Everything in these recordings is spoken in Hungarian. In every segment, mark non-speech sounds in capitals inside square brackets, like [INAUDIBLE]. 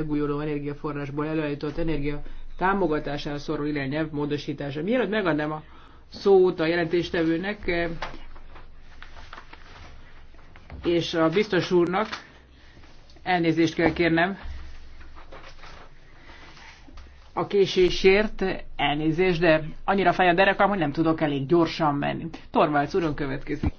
megújuló energiaforrásból előállított energia támogatására szorul irányelv módosítása. Mielőtt megadnám a szót a jelentéstevőnek eh, és a biztos úrnak, elnézést kell kérnem a késésért, elnézést, de annyira fáj a derekam, hogy nem tudok elég gyorsan menni. Torvalds úrön következik.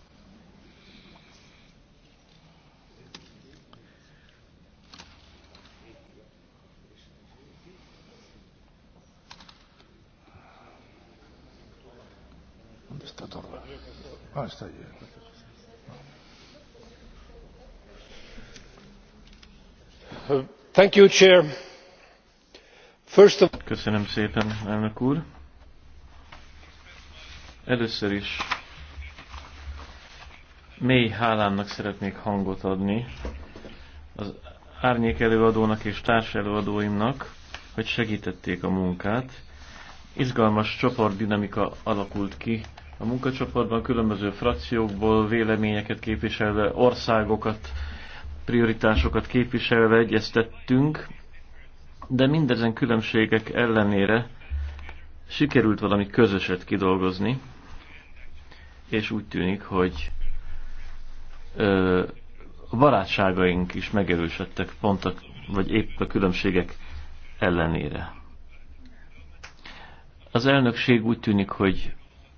Thank you, Chair. First of... Köszönöm szépen, elnök úr. Először is mély hálámnak szeretnék hangot adni az árnyék előadónak és társ előadóimnak, hogy segítették a munkát. Izgalmas csoportdinamika alakult ki a munkacsoportban különböző frakciókból véleményeket képviselve, országokat, prioritásokat képviselve egyeztettünk, de mindezen különbségek ellenére sikerült valami közöset kidolgozni, és úgy tűnik, hogy ö, a barátságaink is megerősödtek pont a, vagy épp a különbségek ellenére. Az elnökség úgy tűnik, hogy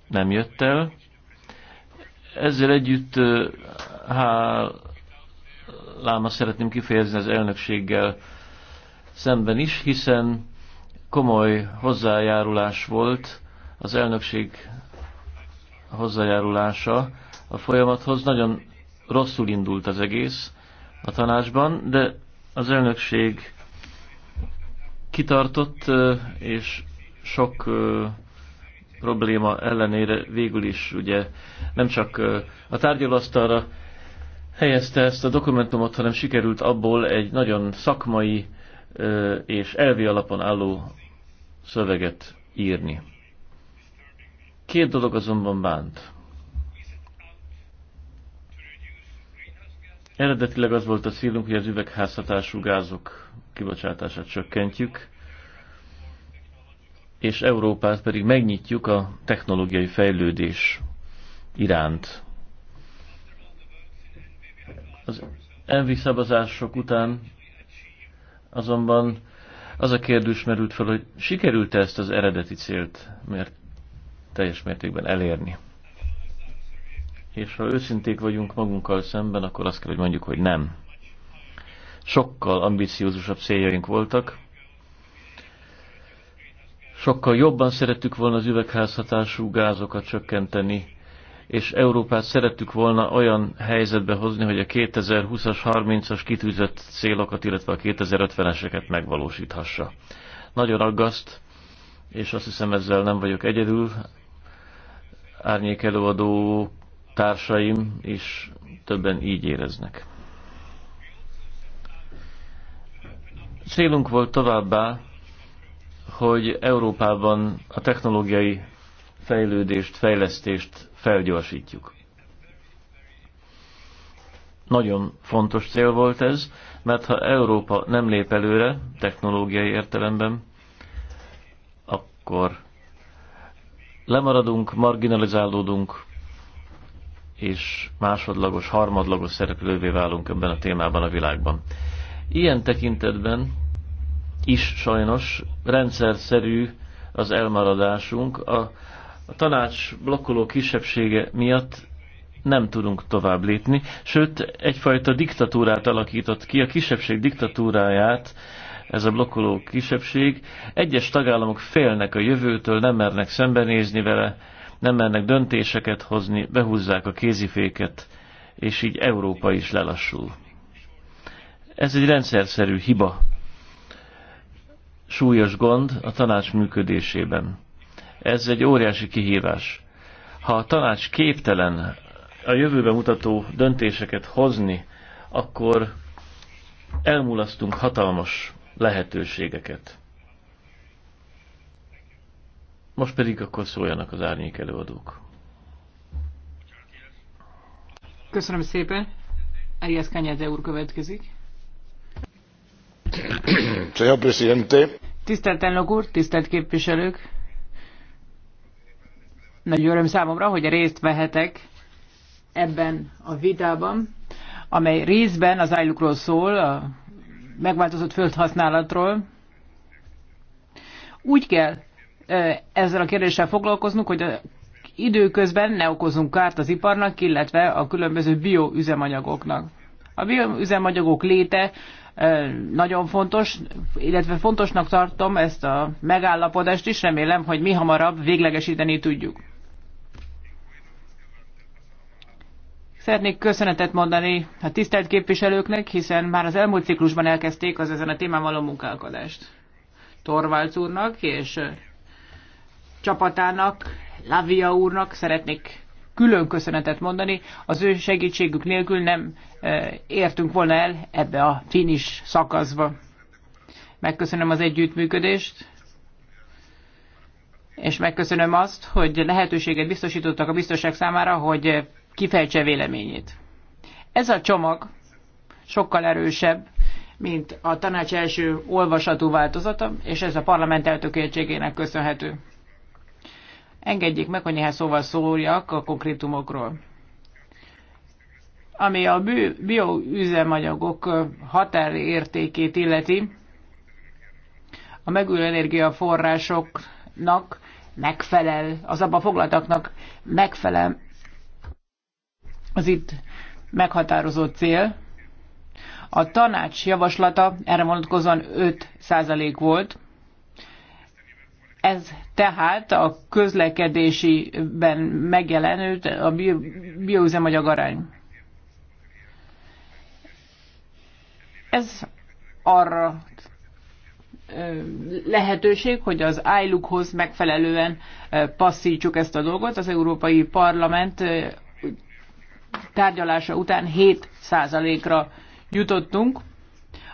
nem jött el. Ezzel együtt hálámat szeretném kifejezni az elnökséggel szemben is, hiszen komoly hozzájárulás volt az elnökség hozzájárulása a folyamathoz. Nagyon rosszul indult az egész a tanácsban, de az elnökség kitartott, és sok probléma ellenére végül is ugye nem csak a tárgyalóasztalra helyezte ezt a dokumentumot, hanem sikerült abból egy nagyon szakmai és elvi alapon álló szöveget írni. Két dolog azonban bánt. Eredetileg az volt a célunk, hogy az üvegházhatású gázok kibocsátását csökkentjük, és Európát pedig megnyitjuk a technológiai fejlődés iránt. Az envi szabazások után azonban az a kérdés merült fel, hogy sikerült -e ezt az eredeti célt mert teljes mértékben elérni. És ha őszinték vagyunk magunkkal szemben, akkor azt kell, hogy mondjuk, hogy nem. Sokkal ambiciózusabb céljaink voltak, Sokkal jobban szerettük volna az üvegházhatású gázokat csökkenteni, és Európát szerettük volna olyan helyzetbe hozni, hogy a 2020-as, 30-as kitűzött célokat, illetve a 2050-eseket megvalósíthassa. Nagyon aggaszt, és azt hiszem ezzel nem vagyok egyedül, Árnyékelőadó társaim is többen így éreznek. Célunk volt továbbá, hogy Európában a technológiai fejlődést, fejlesztést felgyorsítjuk. Nagyon fontos cél volt ez, mert ha Európa nem lép előre technológiai értelemben, akkor lemaradunk, marginalizálódunk, és másodlagos, harmadlagos szereplővé válunk ebben a témában a világban. Ilyen tekintetben is sajnos rendszerszerű az elmaradásunk. A, a tanács blokkoló kisebbsége miatt nem tudunk tovább lépni, sőt egyfajta diktatúrát alakított ki, a kisebbség diktatúráját ez a blokkoló kisebbség. Egyes tagállamok félnek a jövőtől, nem mernek szembenézni vele, nem mernek döntéseket hozni, behúzzák a kéziféket, és így Európa is lelassul. Ez egy rendszerszerű hiba súlyos gond a tanács működésében. Ez egy óriási kihívás. Ha a tanács képtelen a jövőbe mutató döntéseket hozni, akkor elmulasztunk hatalmas lehetőségeket. Most pedig akkor szóljanak az árnyék előadók. Köszönöm szépen. Elias Kanyáze úr következik. Señor presidente. Tisztelt elnök úr, tisztelt képviselők! Nagy öröm számomra, hogy részt vehetek ebben a vitában, amely részben az ájlukról szól, a megváltozott földhasználatról. Úgy kell ezzel a kérdéssel foglalkoznunk, hogy időközben ne okozunk kárt az iparnak, illetve a különböző bioüzemanyagoknak. A bioüzemanyagok léte nagyon fontos, illetve fontosnak tartom ezt a megállapodást is, remélem, hogy mi hamarabb véglegesíteni tudjuk. Szeretnék köszönetet mondani a tisztelt képviselőknek, hiszen már az elmúlt ciklusban elkezdték az ezen a témával való munkálkodást. Torvalc úrnak és csapatának, Lavia úrnak szeretnék külön köszönetet mondani, az ő segítségük nélkül nem eh, értünk volna el ebbe a finis szakaszba. Megköszönöm az együttműködést, és megköszönöm azt, hogy lehetőséget biztosítottak a biztonság számára, hogy kifejtse véleményét. Ez a csomag sokkal erősebb, mint a tanács első olvasatú változata, és ez a parlament eltökéltségének köszönhető. Engedjék meg, hogy néhány szóval szóljak a konkrétumokról. Ami a bioüzemanyagok határértékét illeti, a megújuló energiaforrásoknak megfelel, az abban foglaltaknak megfelel az itt meghatározott cél. A tanács javaslata erre vonatkozóan 5% volt, ez tehát a közlekedésiben megjelenő a bioüzemanyag arány. Ez arra lehetőség, hogy az ájlukhoz megfelelően passzítsuk ezt a dolgot. Az Európai Parlament tárgyalása után 7%-ra jutottunk.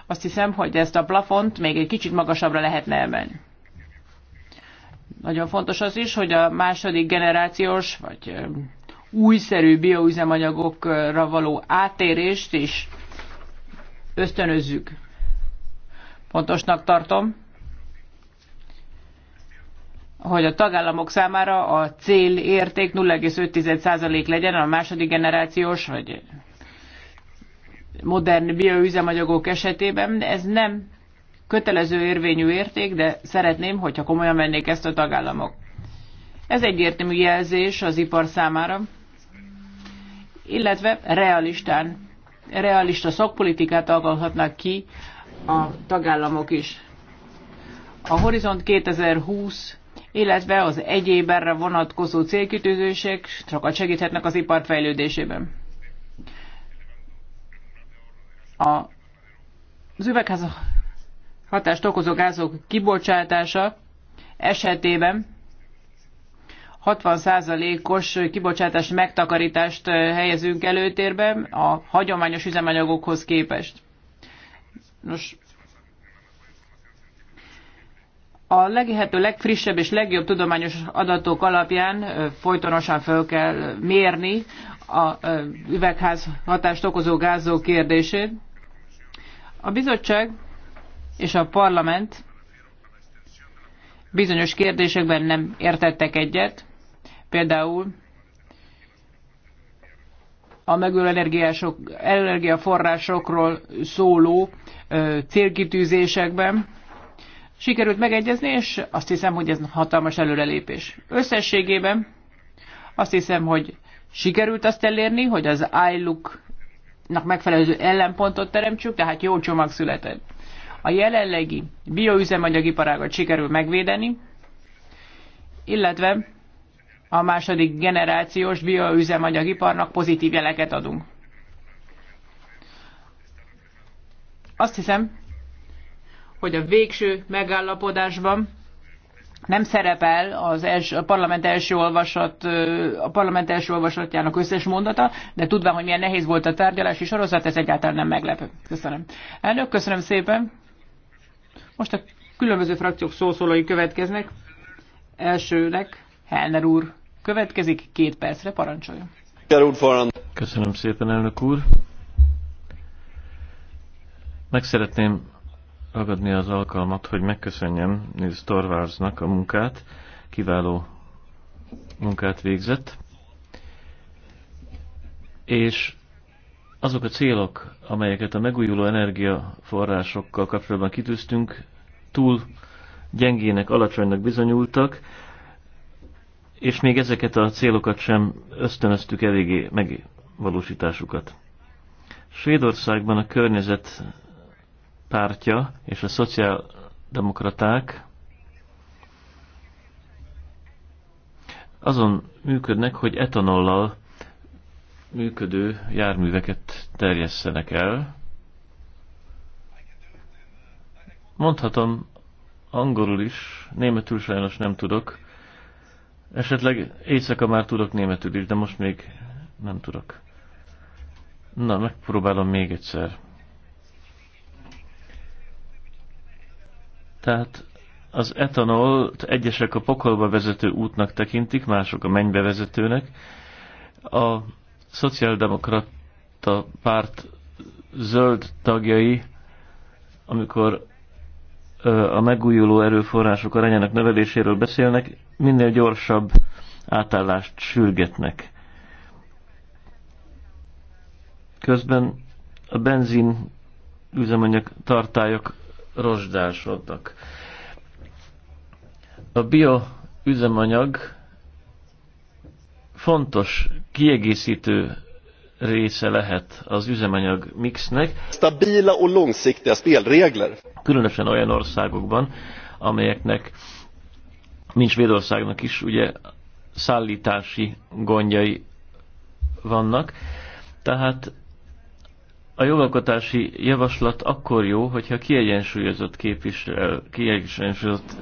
Azt hiszem, hogy ezt a plafont még egy kicsit magasabbra lehetne emelni. Nagyon fontos az is, hogy a második generációs vagy újszerű bioüzemanyagokra való átérést is ösztönözzük. Fontosnak tartom, hogy a tagállamok számára a cél érték 0,5% legyen a második generációs vagy modern bioüzemanyagok esetében. Ez nem kötelező érvényű érték, de szeretném, hogyha komolyan vennék ezt a tagállamok. Ez egyértelmű jelzés az ipar számára, illetve realistán, realista szakpolitikát alkalhatnak ki a tagállamok is. A Horizont 2020 illetve az egyéb erre vonatkozó célkitűzések sokat segíthetnek az ipar fejlődésében. A, az üvegház hatást okozó gázok kibocsátása esetében 60%-os kibocsátás megtakarítást eh, helyezünk előtérbe a hagyományos üzemanyagokhoz képest. Nos, a legihető legfrissebb és legjobb tudományos adatok alapján eh, folytonosan fel kell mérni a eh, üvegház hatást okozó gázok kérdését. A bizottság és a parlament bizonyos kérdésekben nem értettek egyet, például a megújuló energiaforrásokról szóló célkitűzésekben. Sikerült megegyezni, és azt hiszem, hogy ez hatalmas előrelépés. Összességében azt hiszem, hogy sikerült azt elérni, hogy az iLook-nak megfelelő ellenpontot teremtsük, tehát jó csomag született a jelenlegi bioüzemanyagiparágat sikerül megvédeni, illetve a második generációs bioüzemanyagiparnak pozitív jeleket adunk. Azt hiszem, hogy a végső megállapodásban nem szerepel az els, a, parlament első olvasat, a parlament első olvasatjának összes mondata, de tudván, hogy milyen nehéz volt a tárgyalási sorozat, ez egyáltalán nem meglepő. Köszönöm. Elnök, köszönöm szépen. Most a különböző frakciók szószólói következnek. Elsőnek Helner úr következik, két percre parancsoljon. Köszönöm szépen, elnök úr. Meg szeretném ragadni az alkalmat, hogy megköszönjem Nils Torvaldsnak a munkát. Kiváló munkát végzett. És azok a célok, amelyeket a megújuló energiaforrásokkal kapcsolatban kitűztünk, túl gyengének, alacsonynak bizonyultak, és még ezeket a célokat sem ösztönöztük eléggé megvalósításukat. Svédországban a környezet pártja és a szociáldemokraták azon működnek, hogy etanollal működő járműveket terjesszenek el, Mondhatom angolul is, németül sajnos nem tudok. Esetleg éjszaka már tudok németül is, de most még nem tudok. Na, megpróbálom még egyszer. Tehát az etanolt egyesek a pokolba vezető útnak tekintik, mások a mennybe vezetőnek. A szociáldemokrata párt zöld tagjai, amikor a megújuló erőforrások arányának növeléséről beszélnek, minél gyorsabb átállást sürgetnek. Közben a benzin üzemanyag tartályok rozsdásodnak. A bio üzemanyag fontos kiegészítő része lehet az üzemanyag mixnek. Stabila och långsiktiga spelregler. Különösen olyan országokban, amelyeknek, mint Svédországnak is, ugye szállítási gondjai vannak. Tehát a jogalkotási javaslat akkor jó, hogyha kiegyensúlyozott, képvisel, kiegyensúlyozott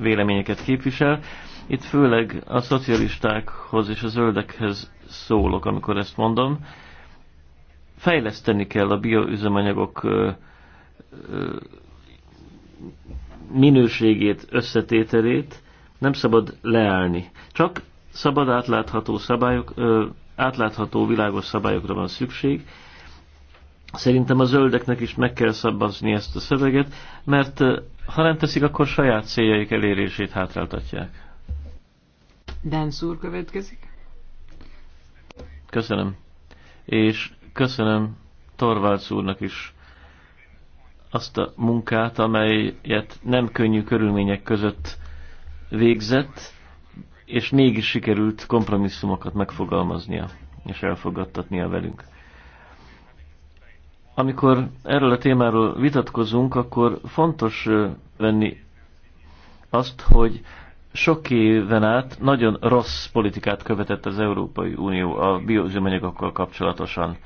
véleményeket képvisel. Itt főleg a szocialistákhoz és a zöldekhez szólok, amikor ezt mondom. Fejleszteni kell a bioüzemanyagok minőségét, összetételét, nem szabad leállni. Csak szabad átlátható szabályok, átlátható világos szabályokra van szükség. Szerintem a zöldeknek is meg kell szabazni ezt a szöveget, mert ha nem teszik, akkor saját céljaik elérését hátráltatják. Dan úr következik. Köszönöm. És köszönöm Torvalds úrnak is azt a munkát, amelyet nem könnyű körülmények között végzett, és mégis sikerült kompromisszumokat megfogalmaznia és elfogadtatnia velünk. Amikor erről a témáról vitatkozunk, akkor fontos venni azt, hogy sok éven át nagyon rossz politikát követett az Európai Unió a bioüzemanyagokkal kapcsolatosan.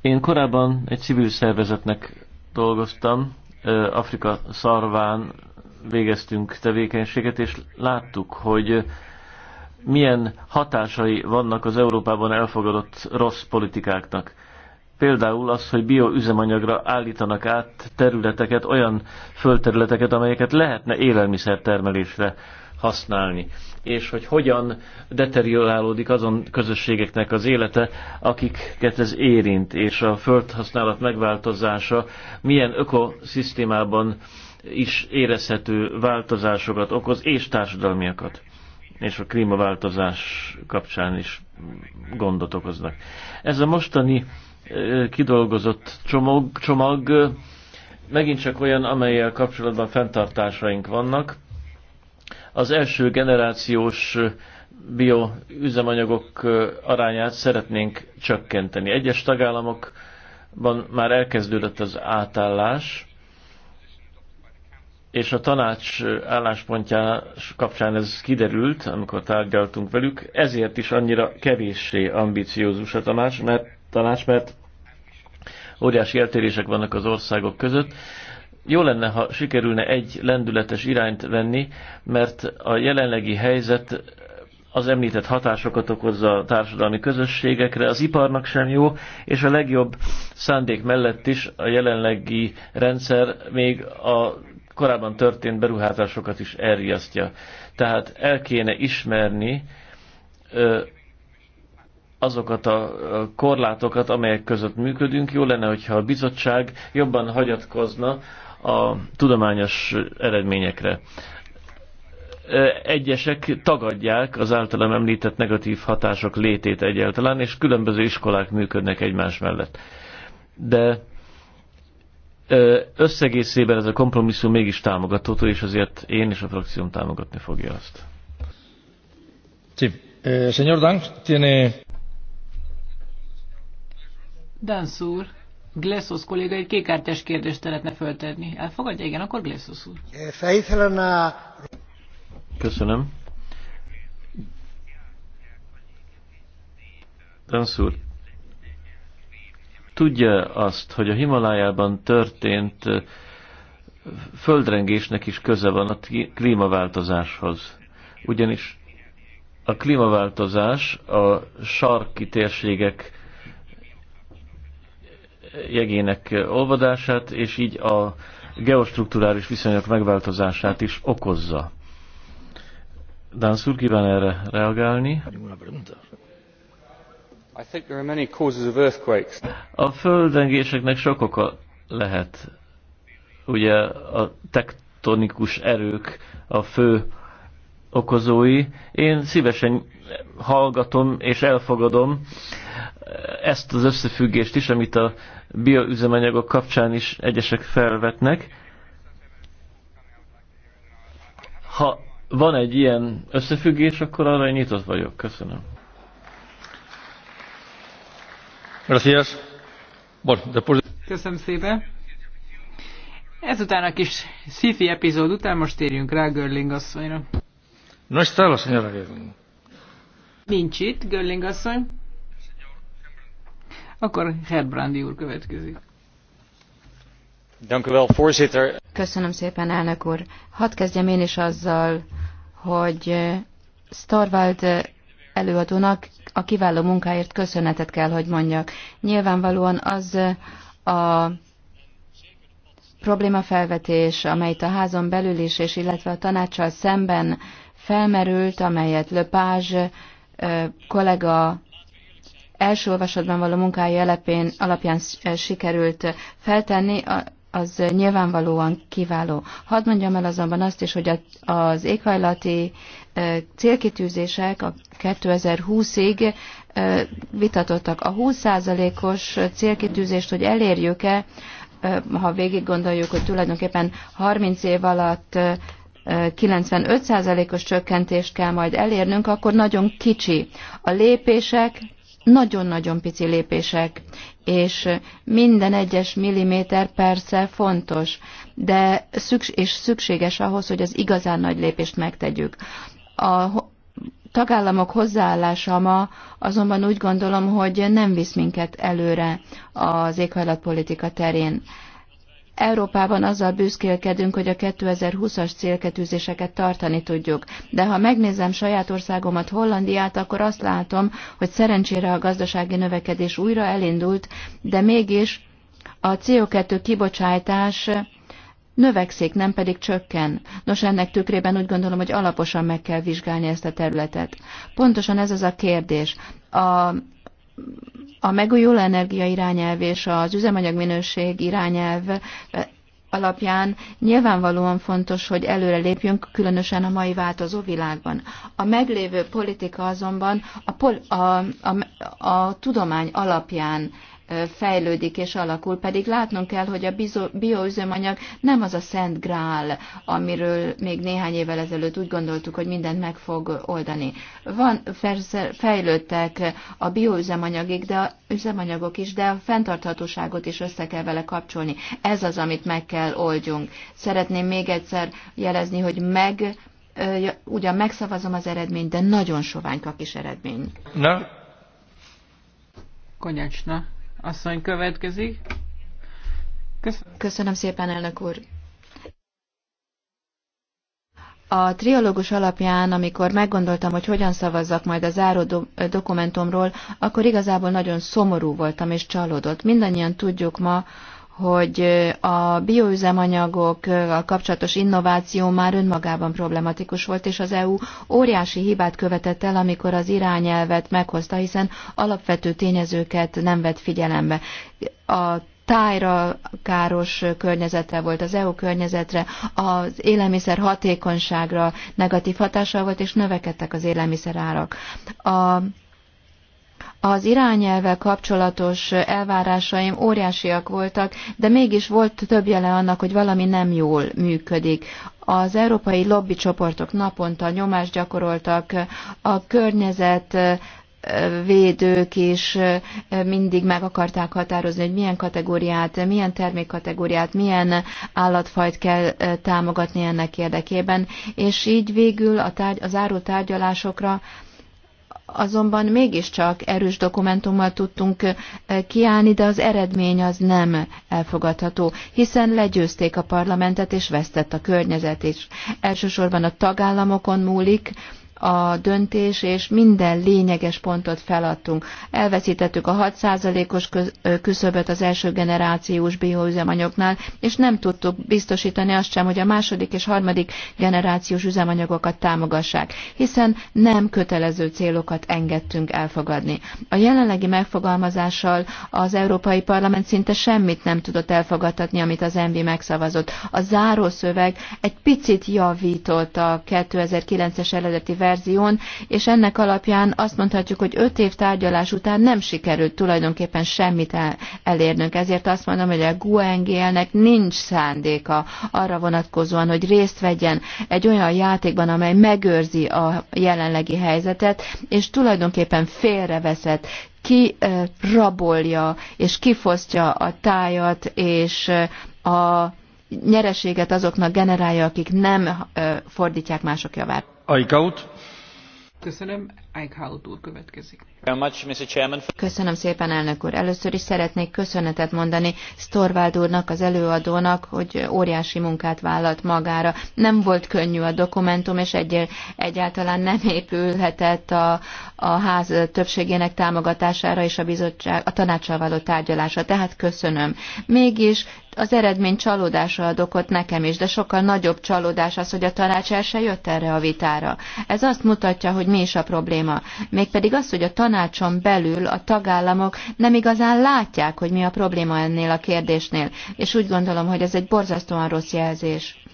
Én korábban egy civil szervezetnek dolgoztam, Afrika szarván végeztünk tevékenységet, és láttuk, hogy milyen hatásai vannak az Európában elfogadott rossz politikáknak. Például az, hogy bioüzemanyagra állítanak át területeket, olyan földterületeket, amelyeket lehetne élelmiszertermelésre használni. És hogy hogyan deteriorálódik azon közösségeknek az élete, akiket ez érint, és a földhasználat megváltozása milyen ökoszisztémában is érezhető változásokat okoz, és társadalmiakat és a klímaváltozás kapcsán is gondot okoznak. Ez a mostani kidolgozott csomag, csomag megint csak olyan, amelyel kapcsolatban fenntartásaink vannak. Az első generációs bioüzemanyagok arányát szeretnénk csökkenteni. Egyes tagállamokban már elkezdődött az átállás, és a tanács álláspontja kapcsán ez kiderült, amikor tárgyaltunk velük, ezért is annyira kevéssé ambiciózus a tanács, mert tanács, mert óriási eltérések vannak az országok között. Jó lenne, ha sikerülne egy lendületes irányt venni, mert a jelenlegi helyzet az említett hatásokat okozza a társadalmi közösségekre, az iparnak sem jó, és a legjobb szándék mellett is a jelenlegi rendszer még a korábban történt beruházásokat is elriasztja. Tehát el kéne ismerni azokat a korlátokat, amelyek között működünk. Jó lenne, hogyha a bizottság jobban hagyatkozna a tudományos eredményekre. Egyesek tagadják az általam említett negatív hatások létét egyáltalán, és különböző iskolák működnek egymás mellett. De összegészében ez a kompromisszum mégis támogatható, és azért én és a frakcióm támogatni fogja azt. Sí. Eh, señor Dank, tiene Dánsz úr, Glesos kolléga egy kékártyás kérdést szeretne föltenni. Elfogadja? Igen, akkor Glesos úr. Köszönöm. Dánsz úr, tudja azt, hogy a Himalájában történt földrengésnek is köze van a klímaváltozáshoz. Ugyanis a klímaváltozás a sarki térségek jegének olvadását, és így a geostrukturális viszonyok megváltozását is okozza. Dánszúr kíván erre reagálni. A földrengéseknek sok oka lehet. Ugye a tektonikus erők a fő okozói. Én szívesen hallgatom és elfogadom ezt az összefüggést is, amit a bioüzemanyagok kapcsán is egyesek felvetnek. Ha van egy ilyen összefüggés, akkor arra én nyitott vagyok. Köszönöm. Köszönöm szépen. Ezután a kis sci epizód után most térjünk rá Görling asszonyra. No está la señora Gerling. Nincs itt, Görling asszony. Akkor Herbrandi úr következik. Köszönöm szépen, elnök úr. Hadd kezdjem én is azzal, hogy eh, Starwald eh, előadónak a kiváló munkáért köszönetet kell, hogy mondjak. Nyilvánvalóan az eh, a problémafelvetés, amelyet a házon belül is, és illetve a tanácssal szemben felmerült, amelyet Lepage kollega első olvasatban való munkája elepén, alapján sikerült feltenni, az nyilvánvalóan kiváló. Hadd mondjam el azonban azt is, hogy az éghajlati célkitűzések a 2020-ig vitatottak. A 20%-os célkitűzést, hogy elérjük-e, ha végig gondoljuk, hogy tulajdonképpen 30 év alatt 95%-os csökkentést kell majd elérnünk, akkor nagyon kicsi a lépések, nagyon-nagyon pici lépések, és minden egyes milliméter persze fontos, de szüks- és szükséges ahhoz, hogy az igazán nagy lépést megtegyük. A tagállamok hozzáállása ma azonban úgy gondolom, hogy nem visz minket előre az éghajlatpolitika terén. Európában azzal büszkélkedünk, hogy a 2020-as célkitűzéseket tartani tudjuk. De ha megnézem saját országomat, Hollandiát, akkor azt látom, hogy szerencsére a gazdasági növekedés újra elindult, de mégis a CO2 kibocsátás növekszik, nem pedig csökken. Nos, ennek tükrében úgy gondolom, hogy alaposan meg kell vizsgálni ezt a területet. Pontosan ez az a kérdés. A a megújuló energia irányelv és az minőség irányelv eh, alapján nyilvánvalóan fontos, hogy előre lépjünk, különösen a mai változó világban. A meglévő politika azonban a, pol, a, a, a tudomány alapján fejlődik és alakul, pedig látnunk kell, hogy a bioüzemanyag nem az a szent grál, amiről még néhány évvel ezelőtt úgy gondoltuk, hogy mindent meg fog oldani. Van, fejlődtek a bioüzemanyagok, de a üzemanyagok is, de a fenntarthatóságot is össze kell vele kapcsolni. Ez az, amit meg kell oldjunk. Szeretném még egyszer jelezni, hogy meg ugyan megszavazom az eredményt, de nagyon a kis eredmény. Na, Konyacsna asszony következik. Köszönöm. Köszönöm szépen, elnök úr. A triológus alapján, amikor meggondoltam, hogy hogyan szavazzak majd a záró do- dokumentumról, akkor igazából nagyon szomorú voltam és csalódott. Mindannyian tudjuk ma, hogy a bioüzemanyagok a kapcsolatos innováció már önmagában problematikus volt, és az EU óriási hibát követett el, amikor az irányelvet meghozta, hiszen alapvető tényezőket nem vett figyelembe. A tájra káros környezetre volt, az EU környezetre, az élelmiszer hatékonyságra negatív hatással volt, és növekedtek az élelmiszer árak. A az irányelvvel kapcsolatos elvárásaim óriásiak voltak, de mégis volt több jele annak, hogy valami nem jól működik. Az európai lobbycsoportok naponta nyomást gyakoroltak, a környezet védők is mindig meg akarták határozni, hogy milyen kategóriát, milyen termékkategóriát, milyen állatfajt kell támogatni ennek érdekében, és így végül a tárgy, az árutárgyalásokra. tárgyalásokra azonban mégiscsak erős dokumentummal tudtunk eh, kiállni, de az eredmény az nem elfogadható, hiszen legyőzték a parlamentet és vesztett a környezet, és elsősorban a tagállamokon múlik, a döntés, és minden lényeges pontot feladtunk. Elveszítettük a 6%-os küszöböt az első generációs bioüzemanyagoknál, és nem tudtuk biztosítani azt sem, hogy a második és harmadik generációs üzemanyagokat támogassák, hiszen nem kötelező célokat engedtünk elfogadni. A jelenlegi megfogalmazással az Európai Parlament szinte semmit nem tudott elfogadtatni, amit az MV megszavazott. A zárószöveg egy picit javított a 2009-es eredeti verzió, verzión, és ennek alapján azt mondhatjuk, hogy öt év tárgyalás után nem sikerült tulajdonképpen semmit elérnünk. Ezért azt mondom, hogy a GUNGL-nek nincs szándéka arra vonatkozóan, hogy részt vegyen egy olyan játékban, amely megőrzi a jelenlegi helyzetet, és tulajdonképpen félreveszett ki rabolja és kifosztja a tájat és a nyereséget azoknak generálja, akik nem fordítják mások javát. Aikaut. Köszönöm, Eichhout úr következik. Köszönöm szépen, elnök úr. Először is szeretnék köszönetet mondani Storvald úrnak, az előadónak, hogy óriási munkát vállalt magára. Nem volt könnyű a dokumentum, és egy, egyáltalán nem épülhetett a, a ház többségének támogatására és a, bizottság, a tanácsal való tárgyalása. Tehát köszönöm. Mégis az eredmény csalódása ad okot nekem is, de sokkal nagyobb csalódás az, hogy a tanács el se jött erre a vitára. Ez azt mutatja, hogy mi is a probléma. Mégpedig az, hogy a tanács tanácson belül a tagállamok nem igazán látják, hogy mi a probléma ennél a kérdésnél, és úgy gondolom, hogy ez egy borzasztóan rossz jelzés.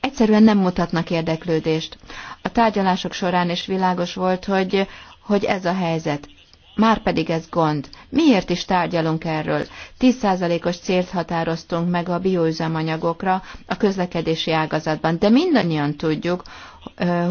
Egyszerűen nem mutatnak érdeklődést. A tárgyalások során is világos volt, hogy, hogy ez a helyzet. Márpedig ez gond. Miért is tárgyalunk erről? 10%-os célt határoztunk meg a bioüzemanyagokra a közlekedési ágazatban, de mindannyian tudjuk,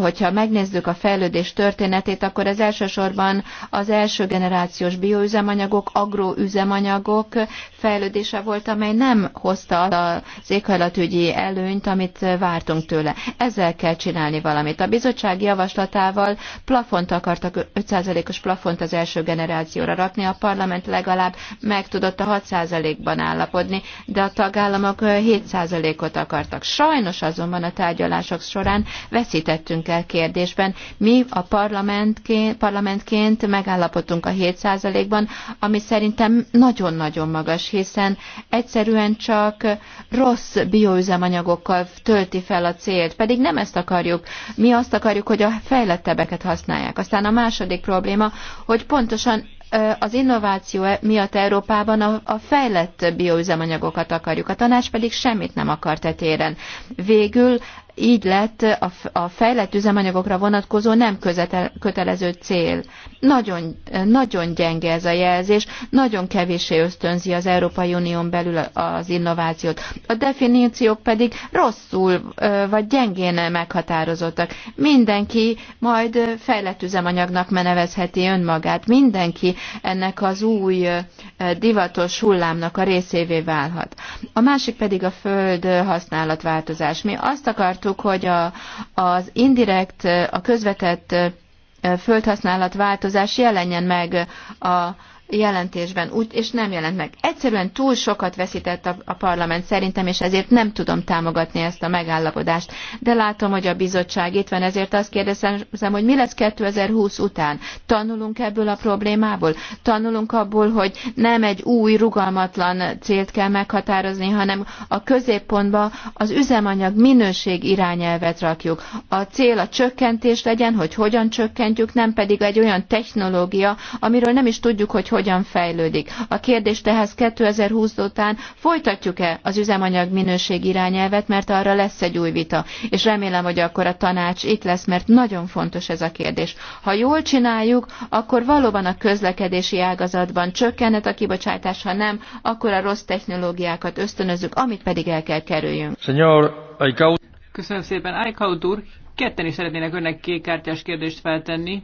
hogyha megnézzük a fejlődés történetét, akkor ez elsősorban az első generációs bioüzemanyagok, agroüzemanyagok fejlődése volt, amely nem hozta az éghajlatügyi előnyt, amit vártunk tőle. Ezzel kell csinálni valamit. A bizottság javaslatával plafont akartak, 5%-os plafont az első generációra rakni, a parlament legalább meg tudott a 6%-ban állapodni, de a tagállamok 7%-ot akartak. Sajnos azonban a tárgyalások során veszít készítettünk el kérdésben. Mi a parlamentként, parlamentként megállapodtunk a 7%-ban, ami szerintem nagyon-nagyon magas, hiszen egyszerűen csak rossz bioüzemanyagokkal tölti fel a célt, pedig nem ezt akarjuk. Mi azt akarjuk, hogy a fejlettebbeket használják. Aztán a második probléma, hogy pontosan az innováció e miatt Európában a, a fejlett bioüzemanyagokat akarjuk, a tanács pedig semmit nem akart téren. Végül így lett a fejlett üzemanyagokra vonatkozó nem kötelező cél. Nagyon, nagyon gyenge ez a jelzés, nagyon kevéssé ösztönzi az Európai Unión belül az innovációt. A definíciók pedig rosszul vagy gyengén meghatározottak. Mindenki majd fejlett üzemanyagnak nevezheti önmagát. Mindenki ennek az új divatos hullámnak a részévé válhat. A másik pedig a föld használatváltozás. Mi azt akartuk, láttuk, hogy a, az indirekt, a közvetett földhasználat változás jelenjen meg a jelentésben úgy, és nem jelent meg. Egyszerűen túl sokat veszített a, a parlament szerintem, és ezért nem tudom támogatni ezt a megállapodást. De látom, hogy a bizottság itt van, ezért azt kérdezem, hogy mi lesz 2020 után? Tanulunk ebből a problémából? Tanulunk abból, hogy nem egy új, rugalmatlan célt kell meghatározni, hanem a középpontba az üzemanyag minőség irányelvet rakjuk. A cél a csökkentés legyen, hogy hogyan csökkentjük, nem pedig egy olyan technológia, amiről nem is tudjuk, hogy hogy hogyan fejlődik. A kérdés tehát 2020 után folytatjuk-e az üzemanyag minőség irányelvet, mert arra lesz egy új vita. És remélem, hogy akkor a tanács itt lesz, mert nagyon fontos ez a kérdés. Ha jól csináljuk, akkor valóban a közlekedési ágazatban csökkenhet a kibocsátás, ha nem, akkor a rossz technológiákat ösztönözzük, amit pedig el kell kerüljünk. Senyor, Köszönöm szépen. Aikaut úr, ketten is szeretnének önnek kékkártyás kérdést feltenni.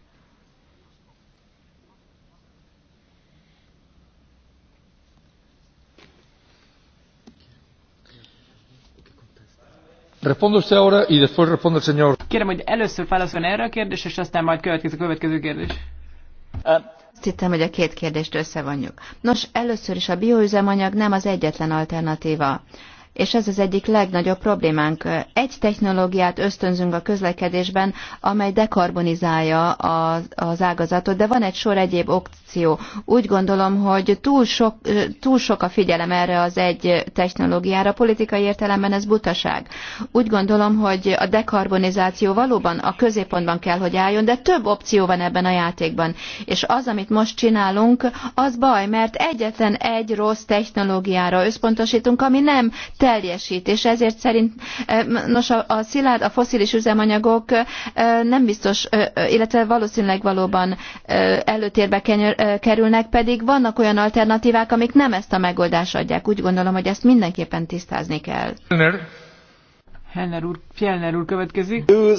Kérem, hogy először válaszoljon erre a kérdésre, és aztán majd következik a következő kérdés. Azt hittem, hogy a két kérdést összevonjuk. Nos, először is a bioüzemanyag nem az egyetlen alternatíva és ez az egyik legnagyobb problémánk. Egy technológiát ösztönzünk a közlekedésben, amely dekarbonizálja az, az ágazatot, de van egy sor egyéb opció. Úgy gondolom, hogy túl sok, túl sok a figyelem erre az egy technológiára, politikai értelemben ez butaság. Úgy gondolom, hogy a dekarbonizáció valóban a középpontban kell, hogy álljon, de több opció van ebben a játékban. És az, amit most csinálunk, az baj, mert egyetlen egy rossz technológiára összpontosítunk, ami nem teljesítés. Ezért szerint, eh, nos, a, a szilárd, a foszilis üzemanyagok eh, nem biztos, eh, illetve valószínűleg valóban előtérbe kerülnek, pedig vannak olyan alternatívák, amik nem ezt a megoldást adják. Úgy gondolom, hogy ezt mindenképpen tisztázni kell. Henner úr, Fjellner úr következik. Uh,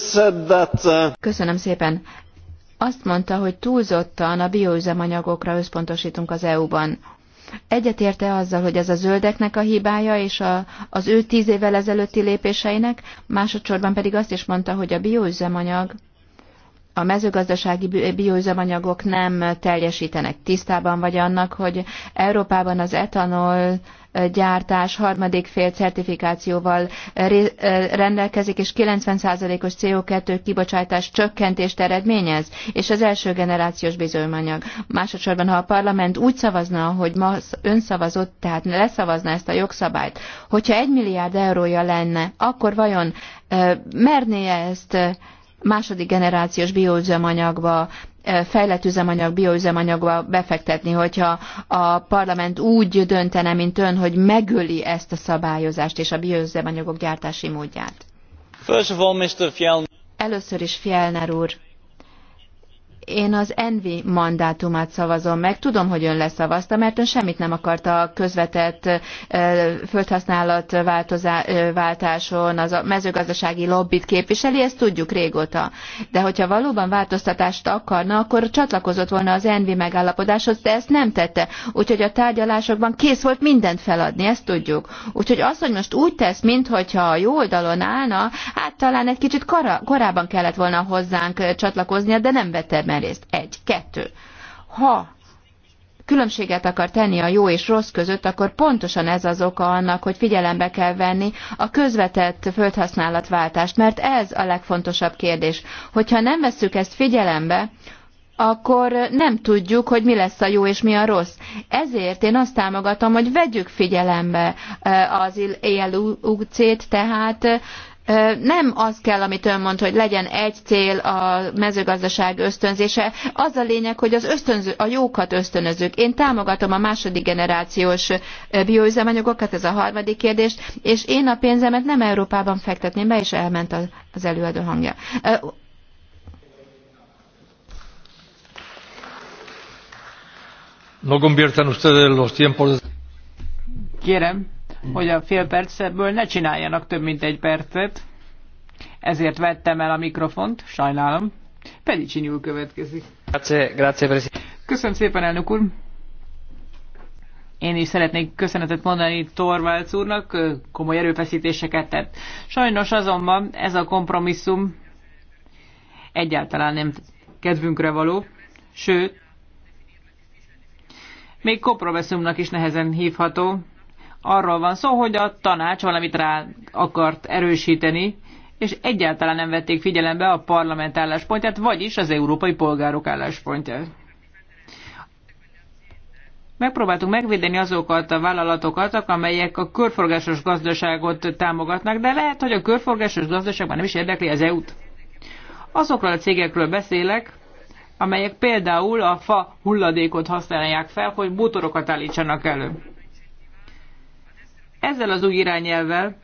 Köszönöm szépen. Azt mondta, hogy túlzottan a bioüzemanyagokra összpontosítunk az EU-ban. Egyetérte azzal, hogy ez a zöldeknek a hibája, és a, az ő tíz évvel ezelőtti lépéseinek, másodszorban pedig azt is mondta, hogy a bioüzemanyag a mezőgazdasági bioüzemanyagok nem teljesítenek. Tisztában vagy annak, hogy Európában az etanol gyártás harmadik fél certifikációval rendelkezik, és 90%-os CO2 kibocsátás csökkentést eredményez, és az első generációs bizonymanyag. Másodszorban, ha a parlament úgy szavazna, hogy ma önszavazott, tehát leszavazna ezt a jogszabályt, hogyha egy milliárd eurója lenne, akkor vajon merné ezt második generációs bioüzemanyagba, eh, fejlett üzemanyag, bioüzemanyagba befektetni, hogyha a parlament úgy döntene, mint ön, hogy megöli ezt a szabályozást és a bioüzemanyagok gyártási módját? All, Először is Fjellner úr, én az Envi mandátumát szavazom meg. Tudom, hogy ön leszavazta, mert ön semmit nem akarta a közvetett földhasználat váltáson, az a mezőgazdasági lobbit képviseli, ezt tudjuk régóta. De hogyha valóban változtatást akarna, akkor csatlakozott volna az Envi megállapodáshoz, de ezt nem tette. Úgyhogy a tárgyalásokban kész volt mindent feladni, ezt tudjuk. Úgyhogy az, hogy most úgy tesz, mintha a jó oldalon állna, hát talán egy kicsit korábban kellett volna hozzánk csatlakoznia, de nem vette ebben részt. Egy. Kettő. Ha különbséget akar tenni a jó és rossz között, akkor pontosan ez az oka annak, hogy figyelembe kell venni a közvetett földhasználatváltást, mert ez a legfontosabb kérdés. Hogyha nem vesszük ezt figyelembe, akkor nem tudjuk, hogy mi lesz a jó és mi a rossz. Ezért én azt támogatom, hogy vegyük figyelembe eh, az ILUC-t, tehát eh, nem az kell, amit ön mond, hogy legyen egy cél a mezőgazdaság ösztönzése. Az a lényeg, hogy az ösztönző, a jókat ösztönözők. Én támogatom a második generációs bioüzemanyagokat, ez a harmadik kérdés, és én a pénzemet nem Európában fektetném be, és elment az előadó hangja. No conviertan ustedes los tiempos. Kérem, hogy a fél percből ne csináljanak több mint egy percet. Ezért vettem el a mikrofont, sajnálom. Pedig úr következik. Köszönöm szépen, elnök úr. Én is szeretnék köszönetet mondani Torvalds úrnak, komoly erőfeszítéseket tett. Sajnos azonban ez a kompromisszum egyáltalán nem kedvünkre való, sőt, még kompromisszumnak is nehezen hívható, arról van szó, hogy a tanács valamit rá akart erősíteni, és egyáltalán nem vették figyelembe a parlament álláspontját, vagyis az európai polgárok álláspontját. Megpróbáltuk megvédeni azokat a vállalatokat, amelyek a körforgásos gazdaságot támogatnak, de lehet, hogy a körforgásos gazdaságban nem is érdekli az EU-t. Azokról a cégekről beszélek, amelyek például a fa hulladékot használják fel, hogy bútorokat állítsanak elő ezzel az új irányelvvel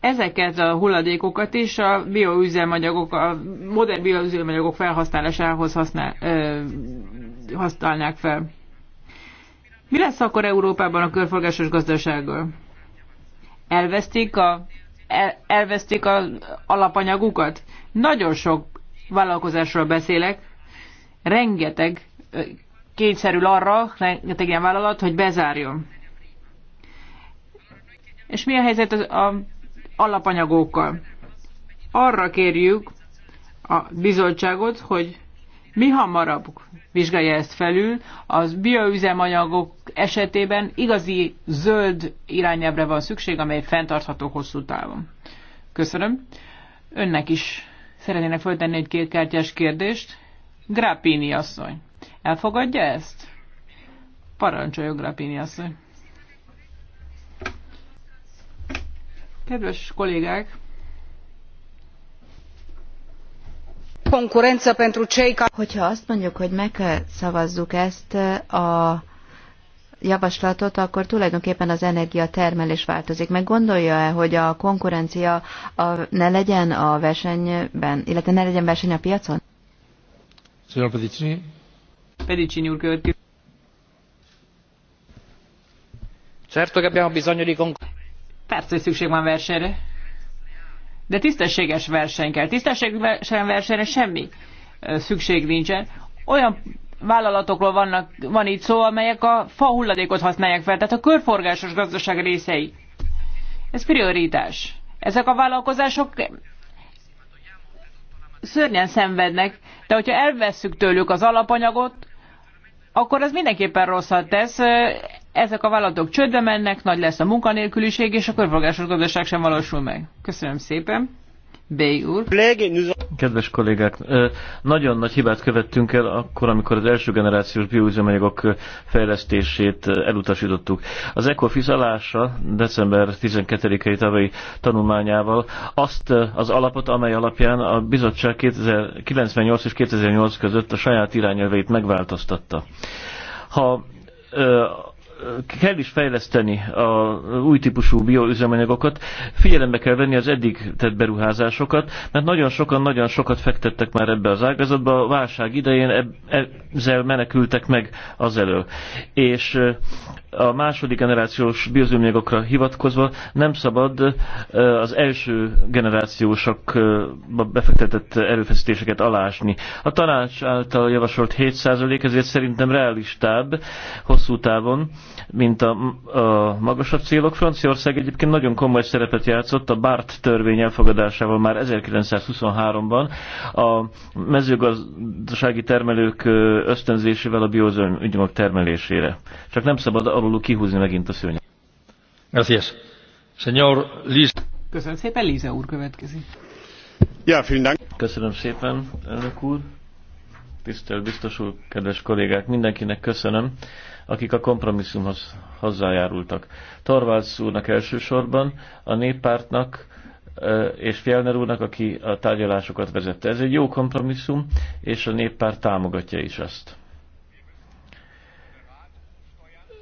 ezeket a hulladékokat is a bioüzemanyagok, a modern bioüzemanyagok felhasználásához használ, ö, használnák fel. Mi lesz akkor Európában a körforgásos gazdasággal? Elvesztik a, el, elvesztik az alapanyagukat? Nagyon sok vállalkozásról beszélek, rengeteg kényszerül arra, rengeteg ilyen vállalat, hogy bezárjon. És mi a helyzet az a alapanyagokkal? Arra kérjük a bizottságot, hogy mi hamarabb vizsgálja ezt felül, az bioüzemanyagok esetében igazi zöld irányelvre van szükség, amely fenntartható hosszú távon. Köszönöm. Önnek is szeretnének föltenni egy kétkártyás kérdést. Grappini asszony. Elfogadja ezt? Parancsoljon Grappini asszony. Kedves kollégák! Konkurencia pentru cei Hogyha azt mondjuk, hogy megszavazzuk ezt a javaslatot, akkor tulajdonképpen az energiatermelés változik. Meg gondolja-e, hogy a konkurencia a, ne legyen a versenyben, illetve ne legyen verseny a piacon? Szóval Pedicini. Pedicini úr következik. Certo che abbiamo bisogno di Persze, hogy szükség van versenyre. De tisztességes verseny kell. Tisztességes versenyre semmi szükség nincsen. Olyan vállalatokról vannak, van itt szó, amelyek a fa hulladékot használják fel, tehát a körforgásos gazdaság részei. Ez prioritás. Ezek a vállalkozások szörnyen szenvednek, de hogyha elvesszük tőlük az alapanyagot, akkor ez mindenképpen rosszat tesz ezek a vállalatok csődbe mennek, nagy lesz a munkanélküliség, és a körforgásos gazdaság sem valósul meg. Köszönöm szépen. Bey úr. Kedves kollégák, nagyon nagy hibát követtünk el akkor, amikor az első generációs bioüzemanyagok fejlesztését elutasítottuk. Az Ecofis alása december 12-i tavalyi tanulmányával azt az alapot, amely alapján a bizottság 1998 és 2008 között a saját irányelveit megváltoztatta. Ha kell is fejleszteni a új típusú bioüzemanyagokat, figyelembe kell venni az eddig tett beruházásokat, mert nagyon sokan nagyon sokat fektettek már ebbe az ágazatba, a válság idején ezzel menekültek meg az elő, És a második generációs bioüzemanyagokra hivatkozva nem szabad az első generációsakba befektetett erőfeszítéseket alásni. A tanács által javasolt 7% ezért szerintem realistább hosszú távon, mint a, a magasabb célok. Franciaország egyébként nagyon komoly szerepet játszott a BART törvény elfogadásával már 1923-ban a mezőgazdasági termelők ösztönzésével a biozömügyomok termelésére. Csak nem szabad aluluk kihúzni megint a szőnyeg. Gracias. Señor Liz. Köszönöm szépen, Líze úr következik. Ja, vielen Dank. Köszönöm szépen, elnök úr. Tisztelt biztos úr, kedves kollégák, mindenkinek köszönöm akik a kompromisszumhoz hozzájárultak. Torvalds úrnak elsősorban, a néppártnak és Fjellner úrnak, aki a tárgyalásokat vezette. Ez egy jó kompromisszum, és a néppárt támogatja is azt.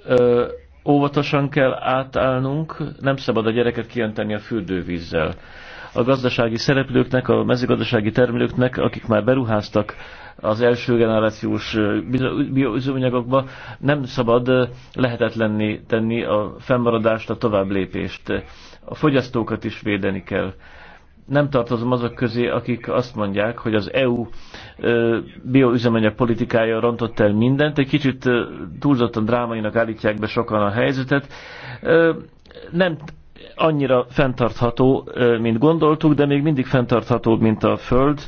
Ö, óvatosan kell átállnunk, nem szabad a gyereket kijönteni a fürdővízzel. A gazdasági szereplőknek, a mezőgazdasági termelőknek, akik már beruháztak az első generációs bioüzőanyagokba nem szabad lehetetlenni tenni a fennmaradást, a továbblépést. A fogyasztókat is védeni kell. Nem tartozom azok közé, akik azt mondják, hogy az EU bioüzemanyag politikája rontott el mindent, egy kicsit túlzottan drámainak állítják be sokan a helyzetet. Nem annyira fenntartható, mint gondoltuk, de még mindig fenntartható, mint a Föld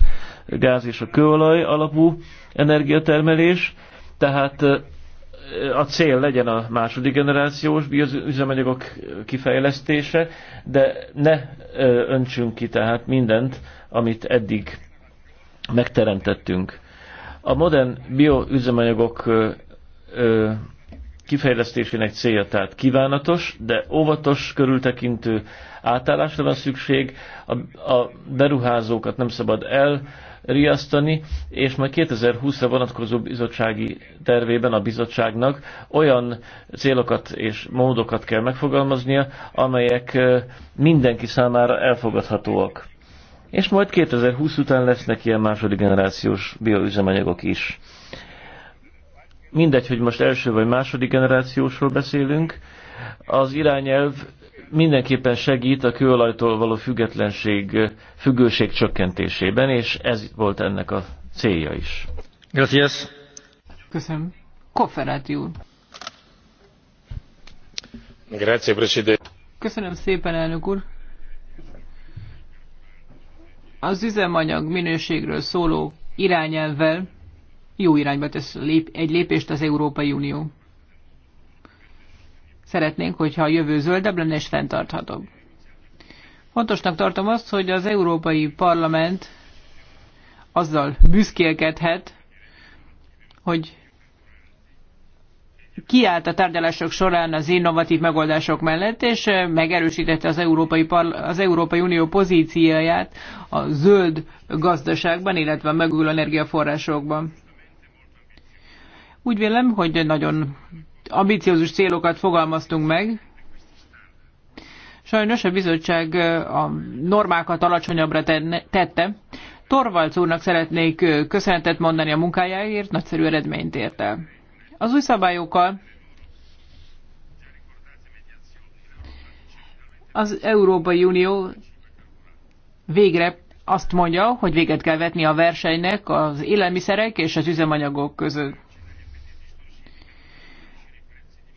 gáz és a kőolaj alapú energiatermelés, tehát a cél legyen a második generációs üzemanyagok kifejlesztése, de ne öntsünk ki tehát mindent, amit eddig megteremtettünk. A modern bioüzemanyagok kifejlesztésének célja tehát kívánatos, de óvatos, körültekintő átállásra van szükség. A, a beruházókat nem szabad el riasztani, és majd 2020-ra vonatkozó bizottsági tervében a bizottságnak olyan célokat és módokat kell megfogalmaznia, amelyek mindenki számára elfogadhatóak. És majd 2020 után lesznek ilyen második generációs bioüzemanyagok is. Mindegy, hogy most első vagy második generációsról beszélünk, az irányelv mindenképpen segít a kőolajtól való függetlenség, függőség csökkentésében, és ez volt ennek a célja is. Gracias. Köszönöm. Kofferát úr. Grazie, Presidente. Köszönöm szépen, elnök úr. Az üzemanyag minőségről szóló irányelvvel jó irányba tesz egy lépést az Európai Unió. Szeretnénk, hogyha a jövő zöldebb lenne és fenntarthatóbb. Fontosnak tartom azt, hogy az Európai Parlament azzal büszkélkedhet, hogy kiállt a tárgyalások során az innovatív megoldások mellett, és megerősítette az Európai, Parla- az Európai Unió pozícióját a zöld gazdaságban, illetve a megújuló energiaforrásokban. Úgy vélem, hogy nagyon ambiciózus célokat fogalmaztunk meg. Sajnos a bizottság a normákat alacsonyabbra tette. Torvalc úrnak szeretnék köszönetet mondani a munkájáért, nagyszerű eredményt ért el. Az új szabályokkal az Európai Unió végre azt mondja, hogy véget kell vetni a versenynek az élelmiszerek és az üzemanyagok között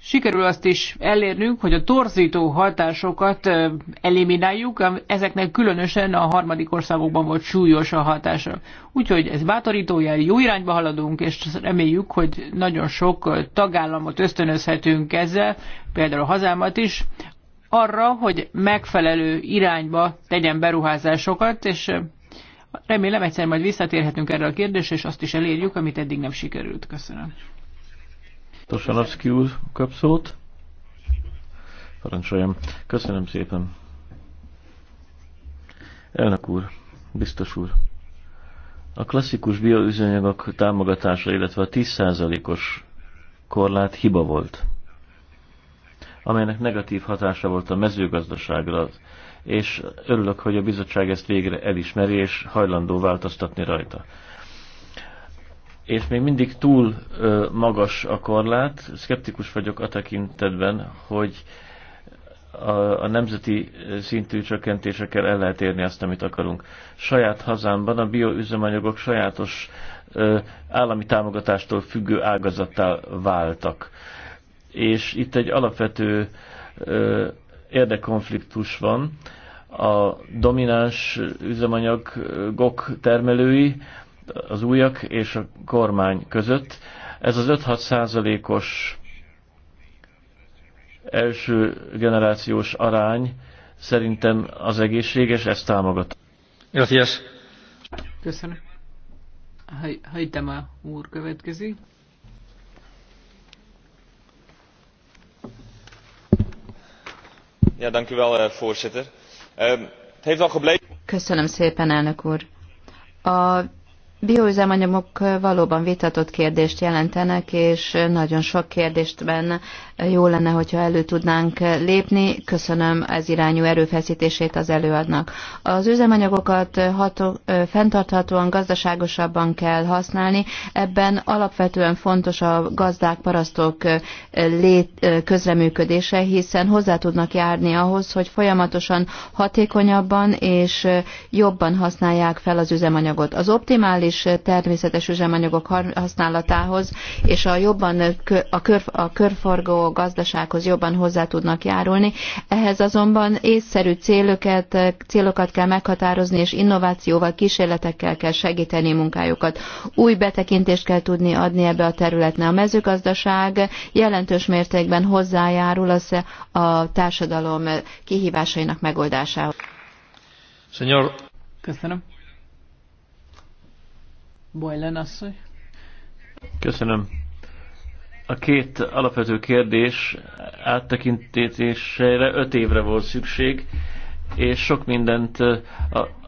sikerül azt is elérnünk, hogy a torzító hatásokat elimináljuk, ezeknek különösen a harmadik országokban volt súlyos a hatása. Úgyhogy ez bátorító jel, jó irányba haladunk, és reméljük, hogy nagyon sok tagállamot ösztönözhetünk ezzel, például a hazámat is, arra, hogy megfelelő irányba tegyen beruházásokat, és remélem egyszer majd visszatérhetünk erre a kérdésre, és azt is elérjük, amit eddig nem sikerült. Köszönöm. Tosanowski úr kap szót. Parancsoljam. Köszönöm szépen. Elnök úr, biztos úr. A klasszikus bioüzenyagok támogatása, illetve a 10%-os korlát hiba volt, amelynek negatív hatása volt a mezőgazdaságra, és örülök, hogy a bizottság ezt végre elismeri, és hajlandó változtatni rajta és még mindig túl ö, magas a korlát. Szkeptikus vagyok a tekintetben, hogy a, a nemzeti szintű csökkentésekkel el lehet érni azt, amit akarunk. Saját hazámban a bioüzemanyagok sajátos ö, állami támogatástól függő ágazattá váltak. És itt egy alapvető ö, érdekkonfliktus van. A domináns üzemanyagok termelői az újak és a kormány között. Ez az 5-6 százalékos első generációs arány szerintem az egészséges, ezt támogat. Gracias. Köszönöm. Hajtem a úr következő. Ja, dank u wel, eh, voorzitter. Ehm, Köszönöm szépen, elnök úr. A bioüzemanyagok valóban vitatott kérdést jelentenek, és nagyon sok kérdéstben jó lenne, hogyha elő tudnánk lépni. Köszönöm ez irányú erőfeszítését az előadnak. Az üzemanyagokat ható, fenntarthatóan, gazdaságosabban kell használni. Ebben alapvetően fontos a gazdák, parasztok lét, közreműködése, hiszen hozzá tudnak járni ahhoz, hogy folyamatosan hatékonyabban és jobban használják fel az üzemanyagot. Az optimális és természetes üzemanyagok használatához, és a jobban a, kör, a körforgó gazdasághoz jobban hozzá tudnak járulni. Ehhez azonban észszerű célokat, célokat kell meghatározni, és innovációval, kísérletekkel kell segíteni munkájukat. Új betekintést kell tudni adni ebbe a területne. A mezőgazdaság jelentős mértékben hozzájárul az e, a társadalom kihívásainak megoldásához. Senyor. Köszönöm. Bojlen asszony. Köszönöm. A két alapvető kérdés áttekintésére öt évre volt szükség, és sok mindent a,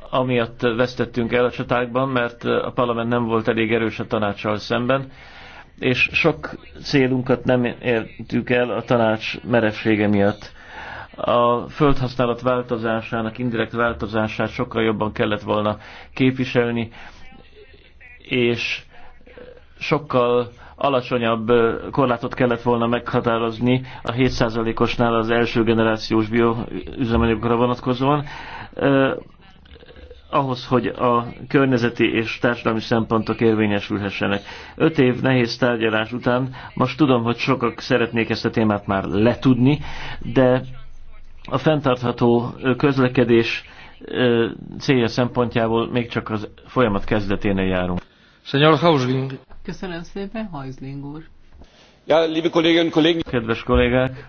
amiatt vesztettünk el a csatákban, mert a parlament nem volt elég erős a tanácssal szemben, és sok célunkat nem értük el a tanács merevsége miatt. A földhasználat változásának, indirekt változását sokkal jobban kellett volna képviselni, és sokkal alacsonyabb korlátot kellett volna meghatározni a 7%-osnál az első generációs bioüzemanyagokra vonatkozóan, ahhoz, hogy a környezeti és társadalmi szempontok érvényesülhessenek. Öt év nehéz tárgyalás után most tudom, hogy sokak szeretnék ezt a témát már letudni, de a fenntartható közlekedés célja szempontjából még csak az folyamat kezdeténél járunk. Señor Hausling. Köszönöm szépen, Hausling úr. Ja, liebe Kolleginnen und Kollegen. Kedves kollégák,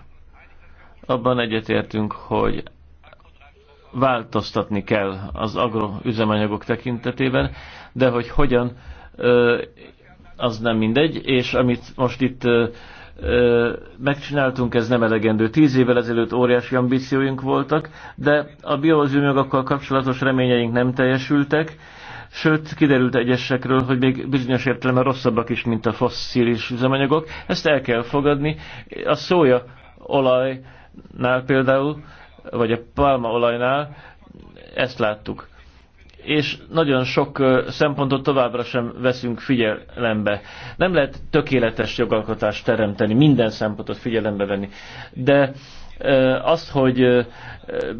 abban egyetértünk, hogy változtatni kell az agroüzemanyagok tekintetében, de hogy hogyan, az nem mindegy, és amit most itt megcsináltunk, ez nem elegendő. Tíz évvel ezelőtt óriási ambícióink voltak, de a bioüzemanyagokkal kapcsolatos reményeink nem teljesültek, sőt kiderült egyesekről, hogy még bizonyos értelemben rosszabbak is, mint a fosszilis üzemanyagok. Ezt el kell fogadni. A szója olajnál például, vagy a palma olajnál ezt láttuk. És nagyon sok szempontot továbbra sem veszünk figyelembe. Nem lehet tökéletes jogalkotást teremteni, minden szempontot figyelembe venni. De azt, hogy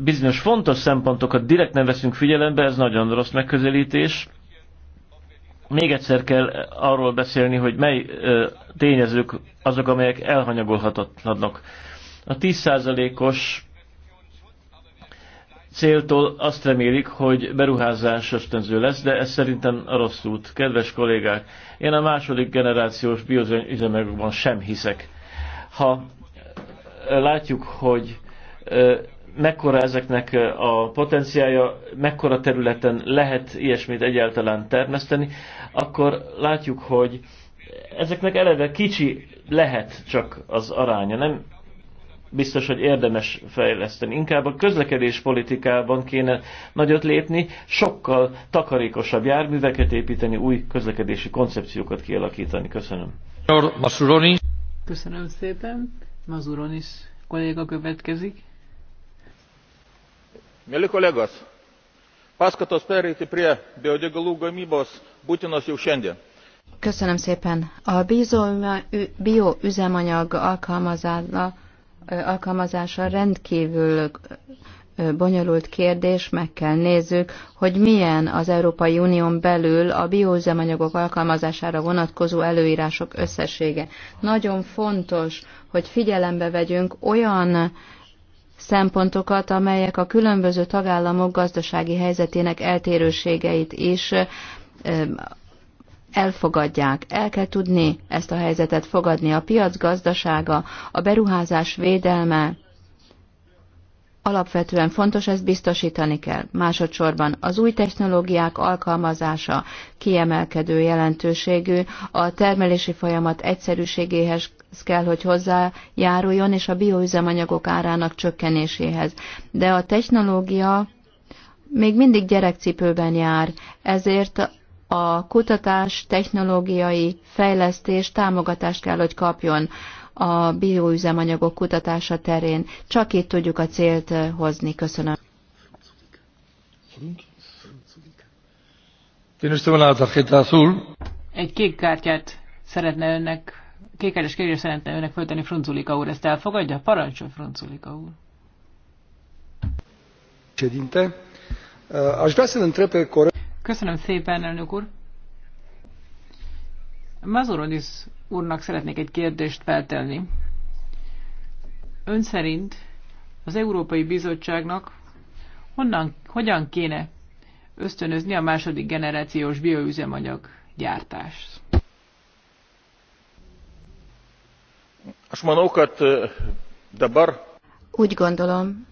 bizonyos fontos szempontokat direkt nem veszünk figyelembe, ez nagyon rossz megközelítés. Még egyszer kell arról beszélni, hogy mely tényezők azok, amelyek elhanyagolhatatlanok. A 10%-os céltól azt remélik, hogy beruházás ösztönző lesz, de ez szerintem a rossz út. Kedves kollégák, én a második generációs bioüzemekben sem hiszek. Ha látjuk, hogy mekkora ezeknek a potenciája, mekkora területen lehet ilyesmit egyáltalán termeszteni, akkor látjuk, hogy ezeknek eleve kicsi lehet csak az aránya. Nem biztos, hogy érdemes fejleszteni. Inkább a közlekedés politikában kéne nagyot lépni, sokkal takarékosabb járműveket építeni, új közlekedési koncepciókat kialakítani. Köszönöm. Köszönöm szépen. Mazuronis kolléga következik. Mėly kolegos, paskatos pereiti prie biodegalų gamybos būtinos jau šiandien. Köszönöm szépen. A bioüzemanyag alkalmazása rendkívül bonyolult kérdés, meg kell nézzük, hogy milyen az Európai Unión belül a bióüzemanyagok alkalmazására vonatkozó előírások összessége. Nagyon fontos, hogy figyelembe vegyünk olyan szempontokat, amelyek a különböző tagállamok gazdasági helyzetének eltérőségeit is elfogadják. El kell tudni ezt a helyzetet fogadni. A piac gazdasága, a beruházás védelme, Alapvetően fontos, ezt biztosítani kell. Másodszorban az új technológiák alkalmazása kiemelkedő jelentőségű, a termelési folyamat egyszerűségéhez kell, hogy hozzájáruljon, és a bioüzemanyagok árának csökkenéséhez. De a technológia még mindig gyerekcipőben jár, ezért a kutatás, technológiai fejlesztés támogatást kell, hogy kapjon a bioüzemanyagok kutatása terén. Csak itt tudjuk a célt eh, hozni. Köszönöm. Egy kék kártyát szeretne önnek, kártyás kérdés szeretne önnek föltenni Frunzulika úr. Ezt elfogadja? Parancsol Frunzulika úr. Eh, Köszönöm szépen, elnök úr. Mazuronis úrnak szeretnék egy kérdést feltenni. Ön szerint az Európai Bizottságnak honnan, hogyan kéne ösztönözni a második generációs bioüzemanyag gyártást? E, úgy gondolom,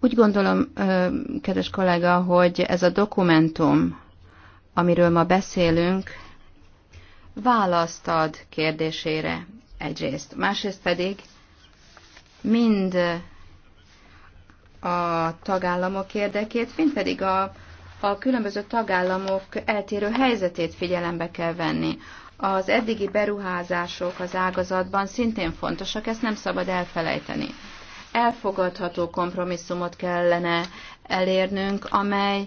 úgy gondolom, e, kedves kollega, hogy ez a dokumentum, amiről ma beszélünk, választ ad kérdésére egyrészt. Másrészt pedig mind a tagállamok érdekét, mind pedig a, a különböző tagállamok eltérő helyzetét figyelembe kell venni. Az eddigi beruházások az ágazatban szintén fontosak, ezt nem szabad elfelejteni. Elfogadható kompromisszumot kellene elérnünk, amely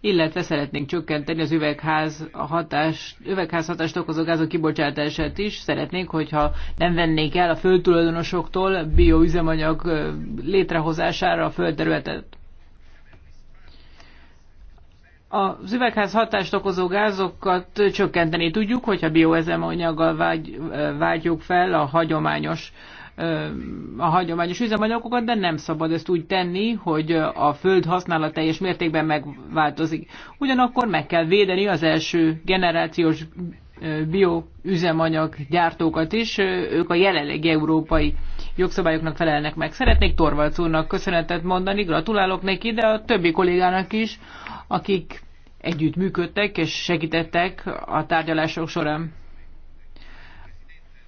illetve szeretnénk csökkenteni az üvegház, a hatás, üvegház hatást okozó gázok kibocsátását is. Szeretnénk, hogyha nem vennék el a földtulajdonosoktól bioüzemanyag létrehozására a földterületet. Az üvegház hatást okozó gázokat csökkenteni tudjuk, hogyha bioüzemanyaggal vágy, vágyjuk fel a hagyományos a hagyományos üzemanyagokat, de nem szabad ezt úgy tenni, hogy a föld használat teljes mértékben megváltozik. Ugyanakkor meg kell védeni az első generációs bioüzemanyag gyártókat is, ők a jelenlegi európai jogszabályoknak felelnek meg. Szeretnék Torvalc úrnak köszönetet mondani, gratulálok neki, de a többi kollégának is, akik együtt működtek és segítettek a tárgyalások során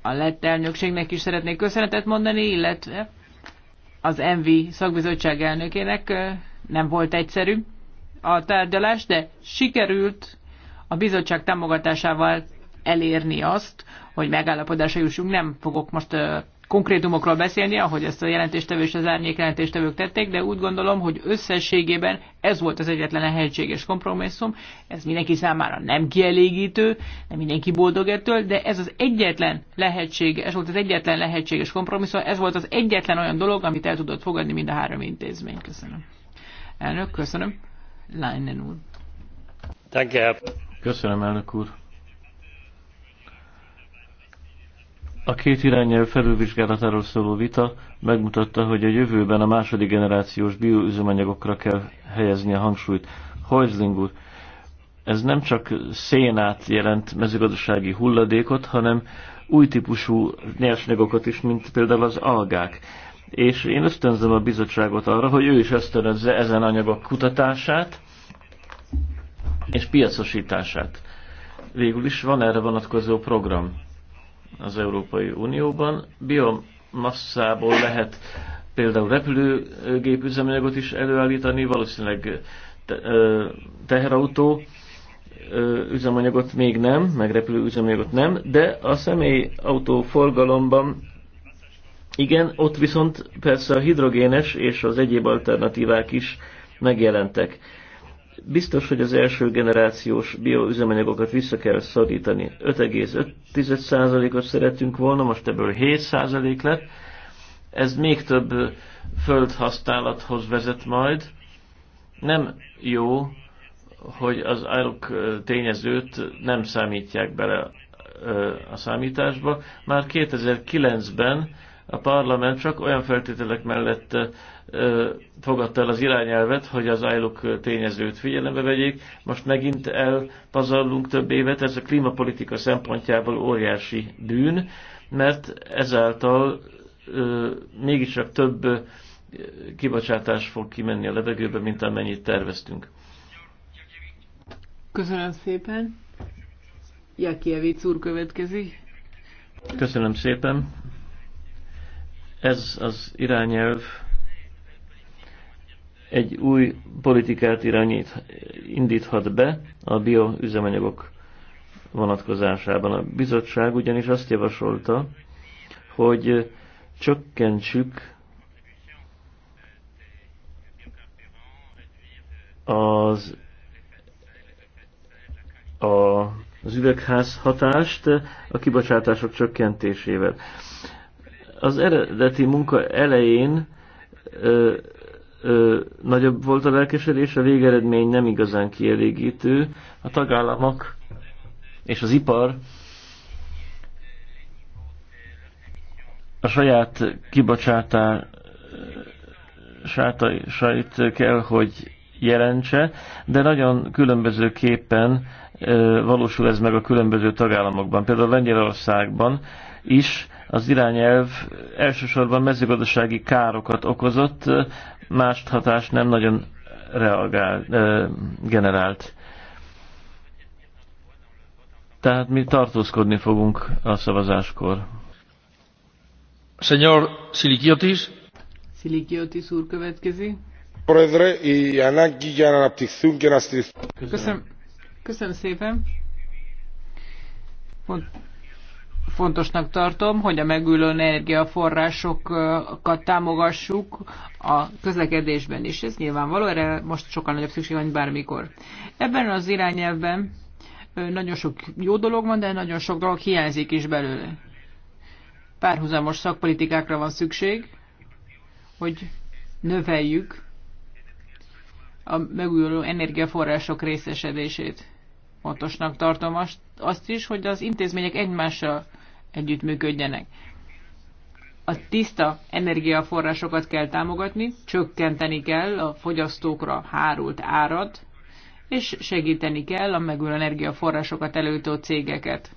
a lett elnökségnek is szeretnék köszönetet mondani, illetve az MV szakbizottság elnökének nem volt egyszerű a tárgyalás, de sikerült a bizottság támogatásával elérni azt, hogy megállapodásra jussunk. Nem fogok most konkrétumokról beszélni, ahogy ezt a jelentéstevő és az árnyék jelentéstevők tették, de úgy gondolom, hogy összességében ez volt az egyetlen lehetséges kompromisszum. Ez mindenki számára nem kielégítő, nem mindenki boldog ettől, de ez az egyetlen lehetséges, ez volt az egyetlen lehetséges kompromisszum, ez volt az egyetlen olyan dolog, amit el tudott fogadni mind a három intézmény. Köszönöm. Elnök, köszönöm. Leinen úr. Köszönöm, elnök úr. A két irányelv felülvizsgálatáról szóló vita megmutatta, hogy a jövőben a második generációs bioüzemanyagokra kell helyezni a hangsúlyt. Heusling úr, ez nem csak szénát jelent mezőgazdasági hulladékot, hanem új típusú nyersanyagokat is, mint például az algák. És én ösztönzöm a bizottságot arra, hogy ő is ösztönözze ezen anyagok kutatását és piacosítását. Végül is van erre vonatkozó program az Európai Unióban. Biomasszából lehet például repülőgép üzemanyagot is előállítani, valószínűleg te, teherautó üzemanyagot még nem, meg repülő üzemanyagot nem, de a személyautó forgalomban igen, ott viszont persze a hidrogénes és az egyéb alternatívák is megjelentek. Biztos, hogy az első generációs bioüzemanyagokat vissza kell szorítani. 5,5%-ot szeretünk volna, most ebből 7% lett. Ez még több földhasználathoz vezet majd. Nem jó, hogy az árok tényezőt nem számítják bele a számításba. Már 2009-ben a parlament csak olyan feltételek mellett fogadta el az irányelvet, hogy az ILOC tényezőt figyelembe vegyék. Most megint elpazarlunk több évet, ez a klímapolitika szempontjából óriási bűn, mert ezáltal ö, mégiscsak több kibocsátás fog kimenni a levegőbe, mint amennyit terveztünk. Köszönöm szépen. Jakievic úr következik. Köszönöm szépen. Ez az irányelv egy új politikát irányít, indíthat be a bioüzemanyagok vonatkozásában. A bizottság ugyanis azt javasolta, hogy csökkentsük az, a, az üvegház hatást a kibocsátások csökkentésével. Az eredeti munka elején ö, nagyobb volt a lelkesedés, a végeredmény nem igazán kielégítő. A tagállamok és az ipar a saját kibocsátását kell, hogy jelentse, de nagyon különbözőképpen valósul ez meg a különböző tagállamokban. Például Lengyelországban is az irányelv elsősorban mezőgazdasági károkat okozott, más hatást nem nagyon reagál, generált. Tehát mi tartózkodni fogunk a szavazáskor. Señor Silikiotis. Silikiotis úr következik. Köszönöm. Köszönöm szépen fontosnak tartom, hogy a megülő energiaforrásokat támogassuk a közlekedésben is. Ez nyilvánvaló, erre most sokkal nagyobb szükség van, mint bármikor. Ebben az irányelvben nagyon sok jó dolog van, de nagyon sok dolog hiányzik is belőle. Párhuzamos szakpolitikákra van szükség, hogy növeljük a megújuló energiaforrások részesedését. Fontosnak tartom azt, azt is, hogy az intézmények egymással együttműködjenek. A tiszta energiaforrásokat kell támogatni, csökkenteni kell a fogyasztókra hárult árat, és segíteni kell a megújuló energiaforrásokat előtó cégeket.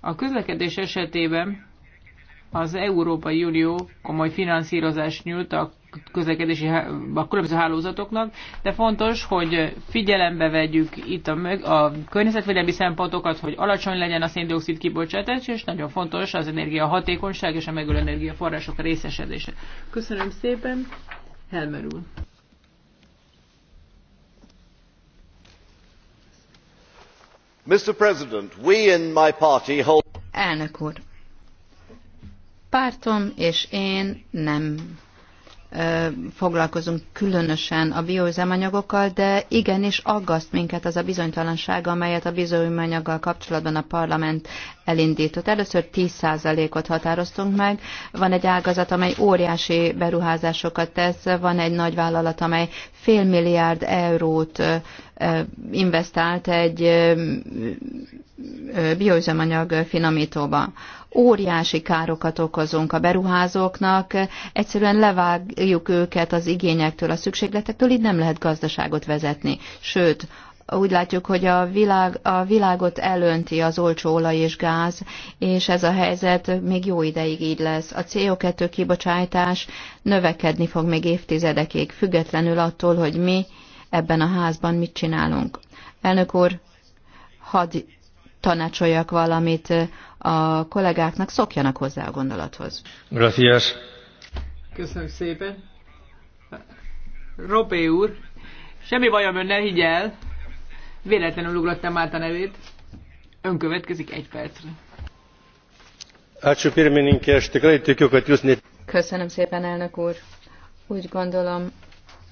A közlekedés esetében az Európai Unió komoly finanszírozást nyújt a közlekedési a különböző hálózatoknak, de fontos, hogy figyelembe vegyük itt a, a környezetvédelmi szempontokat, hogy alacsony legyen a széndiokszid kibocsátás, és nagyon fontos az energia hatékonyság és a megölő energiaforrások részesedése. Köszönöm szépen, Helmer úr! Mr. President, we in my party hold... Elnök úr, Pártom és én nem foglalkozunk különösen a bioüzemanyagokkal, de igenis aggaszt minket az a bizonytalanság, amelyet a bioüzemanyaggal kapcsolatban a parlament elindított. Először 10%-ot határoztunk meg, van egy ágazat, amely óriási beruházásokat tesz, van egy nagy vállalat, amely fél milliárd eurót investált egy bioüzemanyag finomítóba óriási károkat okozunk a beruházóknak, egyszerűen levágjuk őket az igényektől, a szükségletektől, így nem lehet gazdaságot vezetni. Sőt, úgy látjuk, hogy a, világ, a világot elönti az olcsó olaj és gáz, és ez a helyzet még jó ideig így lesz. A CO2 kibocsátás növekedni fog még évtizedekig, függetlenül attól, hogy mi ebben a házban mit csinálunk. Elnök úr, hadd tanácsoljak valamit a kollégáknak szokjanak hozzá a gondolathoz. Gracias. Köszönöm szépen. Robé úr, semmi bajom önnel, higgyel. Véletlenül ugrottam át a nevét. Ön következik egy percre. Köszönöm szépen, elnök úr. Úgy gondolom,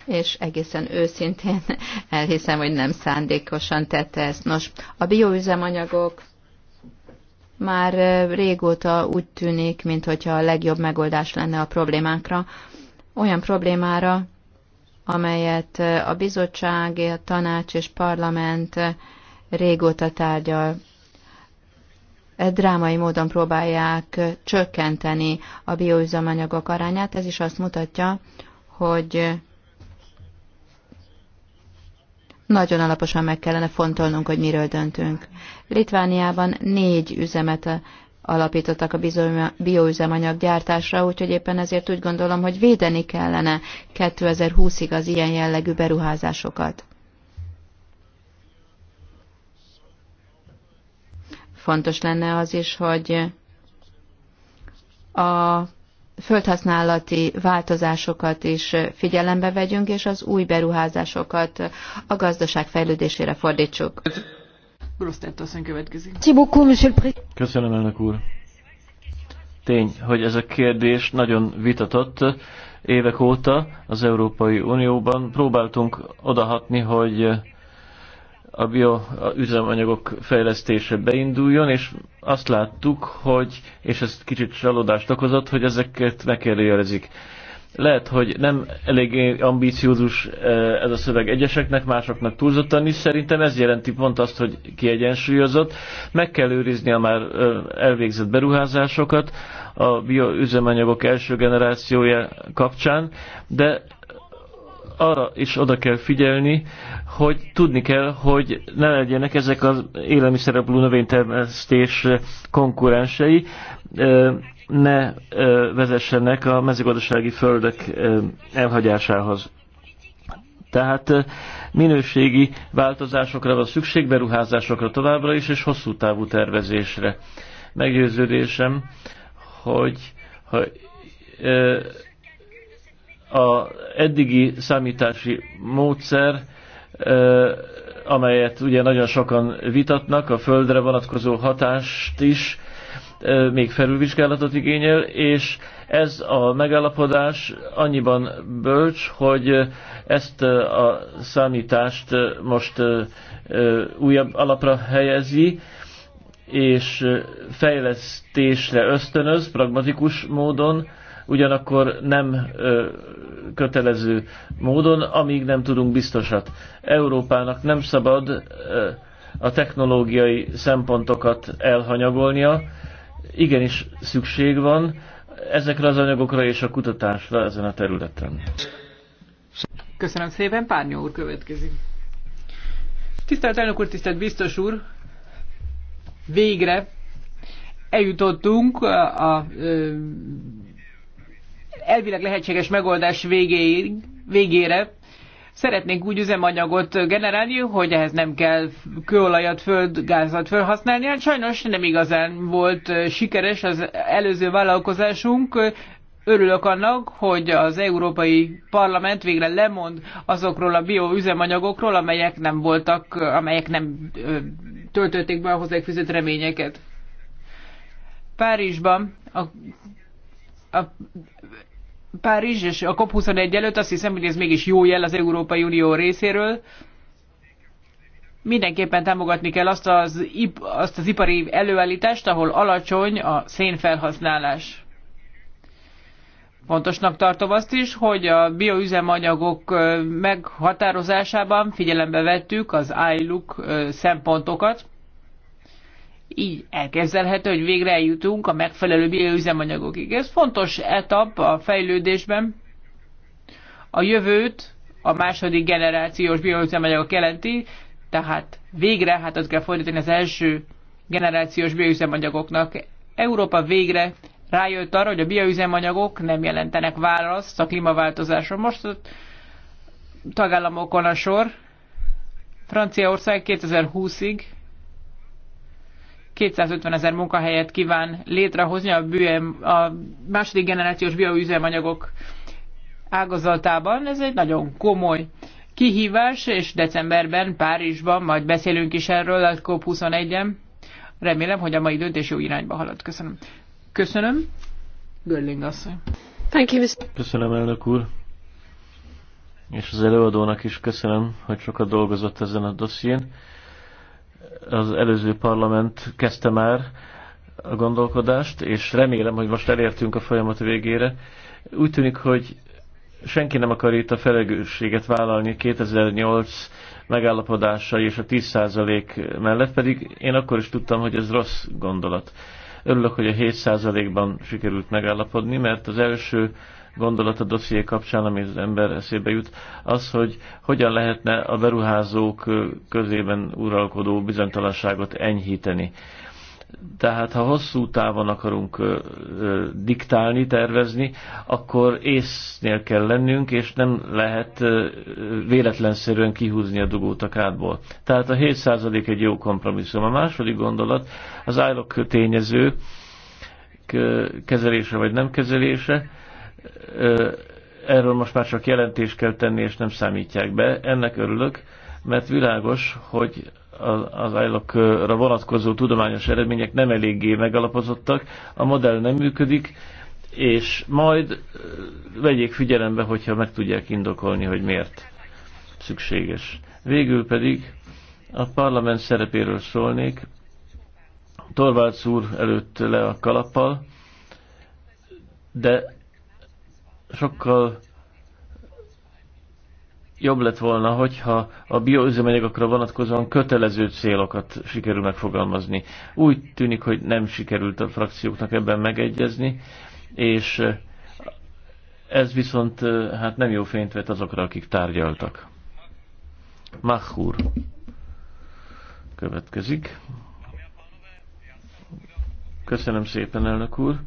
és egészen őszintén [LAUGHS] elhiszem, hogy nem szándékosan tette ezt. Nos, a bioüzemanyagok már régóta úgy tűnik, mintha a legjobb megoldás lenne a problémánkra, olyan problémára, amelyet a bizottság, a tanács és parlament régóta tárgyal. E drámai módon próbálják csökkenteni a bioüzemanyagok arányát, ez is azt mutatja, hogy nagyon alaposan meg kellene fontolnunk, hogy miről döntünk. Litvániában négy üzemet alapítottak a bioüzemanyag gyártásra, úgyhogy éppen ezért úgy gondolom, hogy védeni kellene 2020-ig az ilyen jellegű beruházásokat. Fontos lenne az is, hogy a földhasználati változásokat is figyelembe vegyünk, és az új beruházásokat a gazdaság fejlődésére fordítsuk. Köszönöm, elnök úr. Tény, hogy ez a kérdés nagyon vitatott évek óta az Európai Unióban. Próbáltunk odahatni, hogy a bioüzemanyagok fejlesztése beinduljon, és azt láttuk, hogy, és ez kicsit csalódást okozott, hogy ezeket megkérdőjelezik. Lehet, hogy nem elég ambíciózus e, ez a szöveg egyeseknek, másoknak túlzottan is. Szerintem ez jelenti pont azt, hogy kiegyensúlyozott. Meg kell őrizni a már e, elvégzett beruházásokat a bioüzemanyagok első generációja kapcsán, de arra is oda kell figyelni, hogy tudni kell, hogy ne legyenek ezek az élelmiszereplő növénytermesztés konkurensei, ne vezessenek a mezőgazdasági földek elhagyásához. Tehát minőségi változásokra van szükség, beruházásokra továbbra is, és hosszú távú tervezésre. Meggyőződésem, hogy ha a eddigi számítási módszer, amelyet ugye nagyon sokan vitatnak, a földre vonatkozó hatást is, még felülvizsgálatot igényel, és ez a megállapodás annyiban bölcs, hogy ezt a számítást most újabb alapra helyezi, és fejlesztésre ösztönöz pragmatikus módon, ugyanakkor nem ö, kötelező módon, amíg nem tudunk biztosat. Európának nem szabad ö, a technológiai szempontokat elhanyagolnia, igenis szükség van ezekre az anyagokra és a kutatásra ezen a területen. Köszönöm szépen, Párnyó úr következik. Tisztelt elnök úr, tisztelt biztos úr, végre eljutottunk a, a, a elvileg lehetséges megoldás végéig, végére szeretnénk úgy üzemanyagot generálni, hogy ehhez nem kell kőolajat, földgázat felhasználni. Hát sajnos nem igazán volt sikeres az előző vállalkozásunk. Örülök annak, hogy az Európai Parlament végre lemond azokról a bioüzemanyagokról, amelyek nem voltak, amelyek nem töltötték be a hozzánk fűzött reményeket. Párizsban a, a Párizs és a COP21 előtt, azt hiszem, hogy ez mégis jó jel az Európai Unió részéről. Mindenképpen támogatni kell azt az, azt az ipari előállítást, ahol alacsony a szénfelhasználás. Fontosnak tartom azt is, hogy a bioüzemanyagok meghatározásában figyelembe vettük az ILUK szempontokat, így elképzelhető, hogy végre eljutunk a megfelelő bioüzemanyagokig. Ez fontos etap a fejlődésben. A jövőt a második generációs bioüzemanyagok jelenti, tehát végre, hát az kell fordítani az első generációs bioüzemanyagoknak. Európa végre rájött arra, hogy a bioüzemanyagok nem jelentenek választ a klímaváltozásra. Most a tagállamokon a sor. Franciaország 2020-ig 250 ezer munkahelyet kíván létrehozni a, bűe, a második generációs bioüzemanyagok ágazatában. Ez egy nagyon komoly kihívás, és decemberben Párizsban majd beszélünk is erről a COP21-en. Remélem, hogy a mai döntés jó irányba halad. Köszönöm. Köszönöm. Görling asszony. Thank you, Köszönöm, elnök úr. És az előadónak is köszönöm, hogy sokat dolgozott ezen a dosszién az előző parlament kezdte már a gondolkodást, és remélem, hogy most elértünk a folyamat végére. Úgy tűnik, hogy senki nem akar itt a felelősséget vállalni 2008 megállapodásai és a 10% mellett, pedig én akkor is tudtam, hogy ez rossz gondolat. Örülök, hogy a 7%-ban sikerült megállapodni, mert az első gondolat a dosszié kapcsán, ami az ember eszébe jut, az, hogy hogyan lehetne a beruházók közében uralkodó bizonytalanságot enyhíteni. Tehát ha hosszú távon akarunk ö, ö, diktálni, tervezni, akkor észnél kell lennünk, és nem lehet ö, véletlenszerűen kihúzni a dugót a kádból. Tehát a 7% egy jó kompromisszum. A második gondolat az állok tényező kezelése vagy nem kezelése erről most már csak jelentést kell tenni, és nem számítják be. Ennek örülök, mert világos, hogy az ILOC-ra vonatkozó tudományos eredmények nem eléggé megalapozottak, a modell nem működik, és majd vegyék figyelembe, hogyha meg tudják indokolni, hogy miért szükséges. Végül pedig a parlament szerepéről szólnék. Torvalds úr előtt le a kalappal, de sokkal jobb lett volna, hogyha a bioüzemanyagokra vonatkozóan kötelező célokat sikerül megfogalmazni. Úgy tűnik, hogy nem sikerült a frakcióknak ebben megegyezni, és ez viszont hát nem jó fényt vett azokra, akik tárgyaltak. Mahur következik. Köszönöm szépen, elnök úr,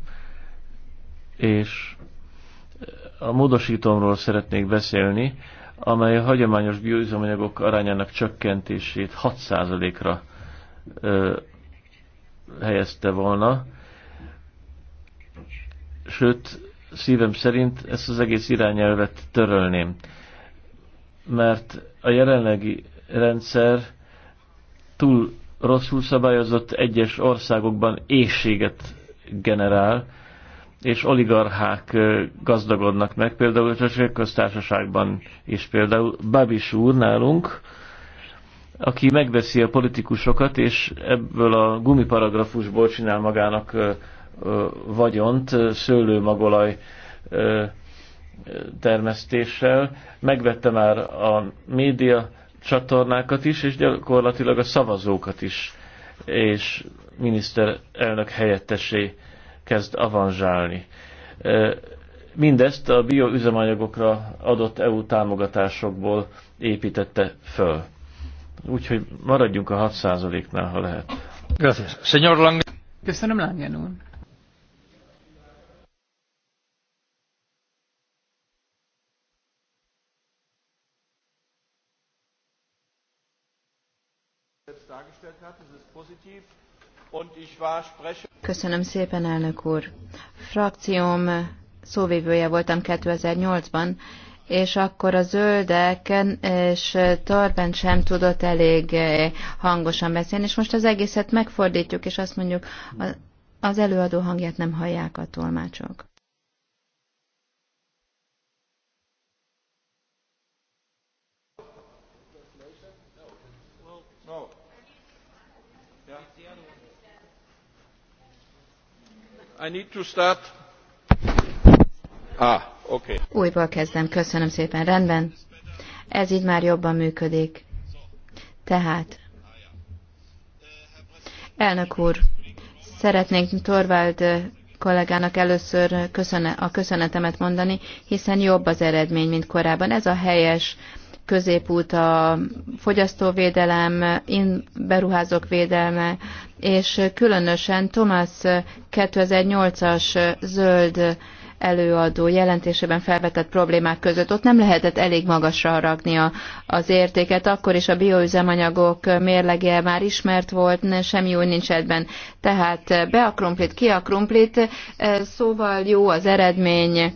és a módosítomról szeretnék beszélni, amely a hagyományos bioüzemanyagok arányának csökkentését 6%-ra helyezte volna. Sőt, szívem szerint ezt az egész irányelvet törölném. Mert a jelenlegi rendszer túl rosszul szabályozott, egyes országokban éjséget generál, és oligarchák gazdagodnak meg, például a köztársaságban is, például Babis úr nálunk, aki megveszi a politikusokat, és ebből a gumiparagrafusból csinál magának vagyont, szőlőmagolaj termesztéssel, megvette már a média csatornákat is, és gyakorlatilag a szavazókat is, és miniszterelnök helyettesé kezd avanzsálni. Mindezt a bioüzemanyagokra adott EU támogatásokból építette föl. Úgyhogy maradjunk a 6%-nál, ha lehet. Köszönöm, Köszönöm Langen úr. dargestellt hat. Köszönöm szépen, elnök úr. Frakcióm szóvívője voltam 2008-ban, és akkor a zöldek és Torben sem tudott elég hangosan beszélni, és most az egészet megfordítjuk, és azt mondjuk, az előadó hangját nem hallják a tolmácsok. Ah, Újból kezdem, köszönöm szépen, rendben. Ez így már jobban működik. Tehát, elnök úr, szeretnénk Torvald kollégának először a köszönetemet mondani, hiszen jobb az eredmény, mint korábban. Ez a helyes középút a fogyasztóvédelem, beruházók védelme, és különösen Thomas 2008-as zöld előadó jelentésében felvetett problémák között. Ott nem lehetett elég magasra ragni a, az értéket, akkor is a bioüzemanyagok mérlege már ismert volt, semmi új nincs ebben. Tehát be a krumplit, ki a krumplit, szóval jó az eredmény,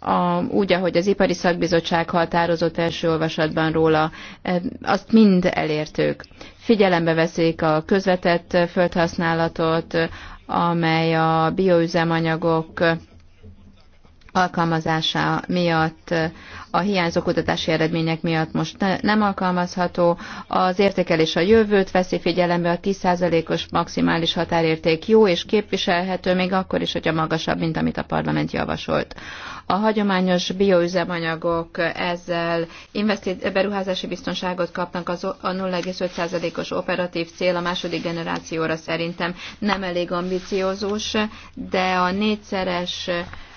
a, úgy, ahogy az Ipari Szakbizottság határozott első olvasatban róla, azt mind elértők figyelembe veszik a közvetett földhasználatot, amely a bioüzemanyagok alkalmazása miatt, a hiányzó kutatási eredmények miatt most nem alkalmazható. Az értékelés a jövőt veszi figyelembe, a 10%-os maximális határérték jó és képviselhető, még akkor is, hogyha magasabb, mint amit a parlament javasolt. A hagyományos bioüzemanyagok ezzel beruházási biztonságot kapnak, az a 0,5%-os operatív cél a második generációra szerintem nem elég ambiciózus, de a négyszeres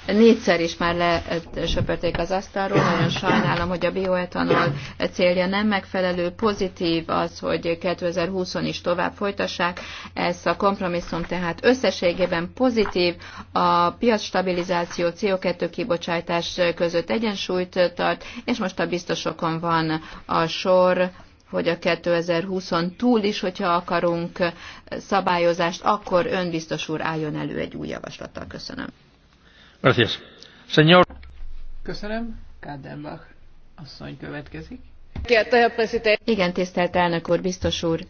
négyszer is már lesöpörték az asztalról, nagyon sajnálom, hogy a bioetanol célja nem megfelelő, pozitív az, hogy 2020-on is tovább folytassák ezt a kompromisszum, tehát összességében pozitív, a piac stabilizáció, CO2 kibocsátás között egyensúlyt tart, és most a biztosokon van a sor, hogy a 2020-on túl is, hogyha akarunk szabályozást, akkor önbiztos úr álljon elő egy új javaslattal. Köszönöm. Gracias. Señor. Köszönöm. Kádenbach asszony következik. Igen, tisztelt elnök úr, biztos úr.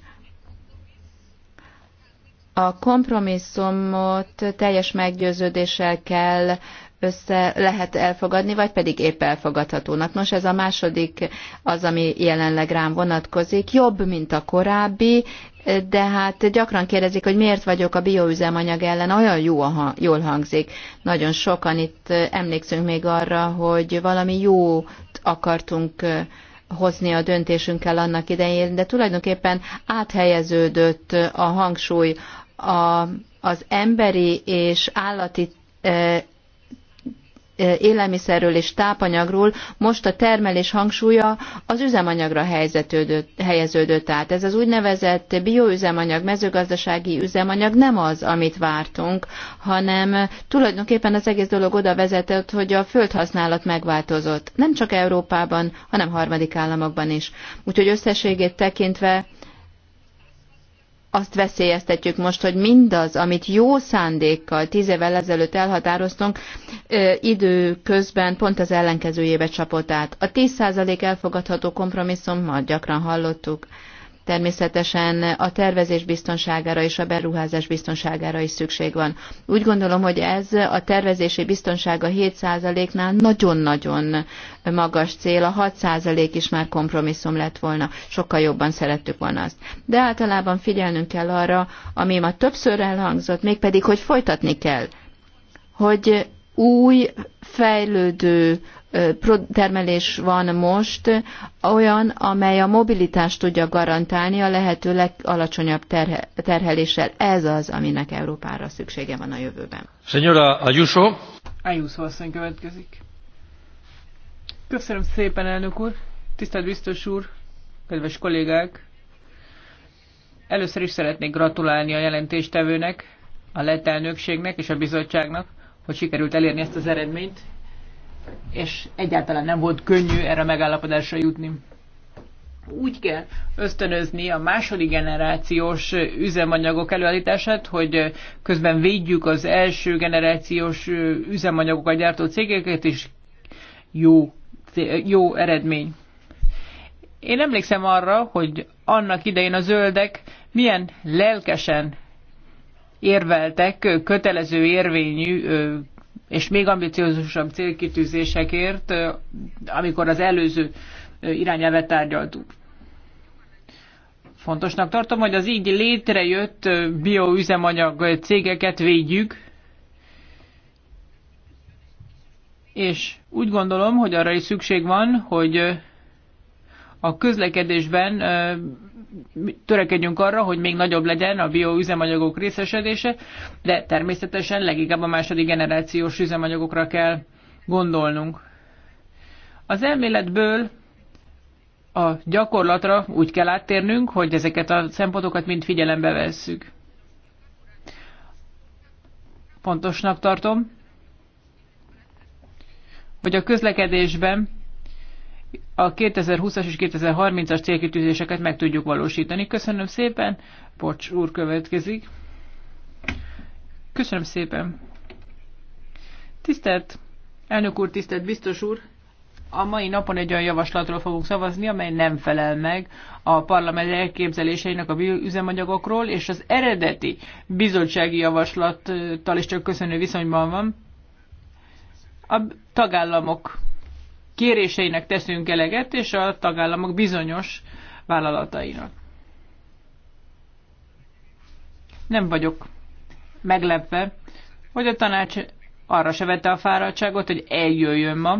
A kompromisszumot teljes meggyőződéssel kell össze lehet elfogadni, vagy pedig épp elfogadhatónak. Nos, ez a második az, ami jelenleg rám vonatkozik. Jobb, mint a korábbi, de hát gyakran kérdezik, hogy miért vagyok a bioüzemanyag ellen, olyan jó, ha jól hangzik. Nagyon sokan itt emlékszünk még arra, hogy valami jót akartunk hozni a döntésünkkel annak idején, de tulajdonképpen áthelyeződött a hangsúly a, az emberi és állati élelmiszerről és tápanyagról most a termelés hangsúlya az üzemanyagra helyeződött át. Ez az úgynevezett bioüzemanyag, mezőgazdasági üzemanyag nem az, amit vártunk, hanem tulajdonképpen az egész dolog oda vezetett, hogy a földhasználat megváltozott. Nem csak Európában, hanem harmadik államokban is. Úgyhogy összességét tekintve azt veszélyeztetjük most, hogy mindaz, amit jó szándékkal tíz évvel ezelőtt elhatároztunk, időközben pont az ellenkezőjébe csapott át. A 10% elfogadható kompromisszum, már gyakran hallottuk, természetesen a tervezés biztonságára és a beruházás biztonságára is szükség van. Úgy gondolom, hogy ez a tervezési biztonsága 7%-nál nagyon-nagyon magas cél, a 6% is már kompromisszum lett volna, sokkal jobban szerettük volna azt. De általában figyelnünk kell arra, ami ma többször elhangzott, mégpedig, hogy folytatni kell, hogy új, fejlődő termelés van most, olyan, amely a mobilitást tudja garantálni a lehető legalacsonyabb terhe- terheléssel. Ez az, aminek Európára szüksége van a jövőben. Senyora Ayuso. Ayuso asszony következik. Köszönöm szépen, elnök úr, tisztelt biztos úr, kedves kollégák. Először is szeretnék gratulálni a jelentéstevőnek, a lett elnökségnek és a bizottságnak, hogy sikerült elérni ezt az eredményt, és egyáltalán nem volt könnyű erre a megállapodásra jutni. Úgy kell ösztönözni a második generációs üzemanyagok előállítását, hogy közben védjük az első generációs üzemanyagokat gyártó cégeket, és jó, jó eredmény. Én emlékszem arra, hogy annak idején a zöldek milyen lelkesen érveltek kötelező érvényű és még ambiciózusabb célkitűzésekért, amikor az előző irányelvet tárgyaltuk. Fontosnak tartom, hogy az így létrejött bioüzemanyag cégeket védjük, és úgy gondolom, hogy arra is szükség van, hogy a közlekedésben törekedjünk arra, hogy még nagyobb legyen a bioüzemanyagok részesedése, de természetesen leginkább a második generációs üzemanyagokra kell gondolnunk. Az elméletből a gyakorlatra úgy kell áttérnünk, hogy ezeket a szempontokat mind figyelembe vesszük. Pontosnak tartom, hogy a közlekedésben a 2020-as és 2030-as célkitűzéseket meg tudjuk valósítani. Köszönöm szépen, Bocs úr következik. Köszönöm szépen. Tisztelt elnök úr, tisztelt biztos úr, a mai napon egy olyan javaslatról fogunk szavazni, amely nem felel meg a parlament elképzeléseinek a üzemanyagokról, és az eredeti bizottsági javaslattal is csak köszönő viszonyban van. A tagállamok kéréseinek teszünk eleget, és a tagállamok bizonyos vállalatainak. Nem vagyok meglepve, hogy a tanács arra se vette a fáradtságot, hogy eljöjjön ma.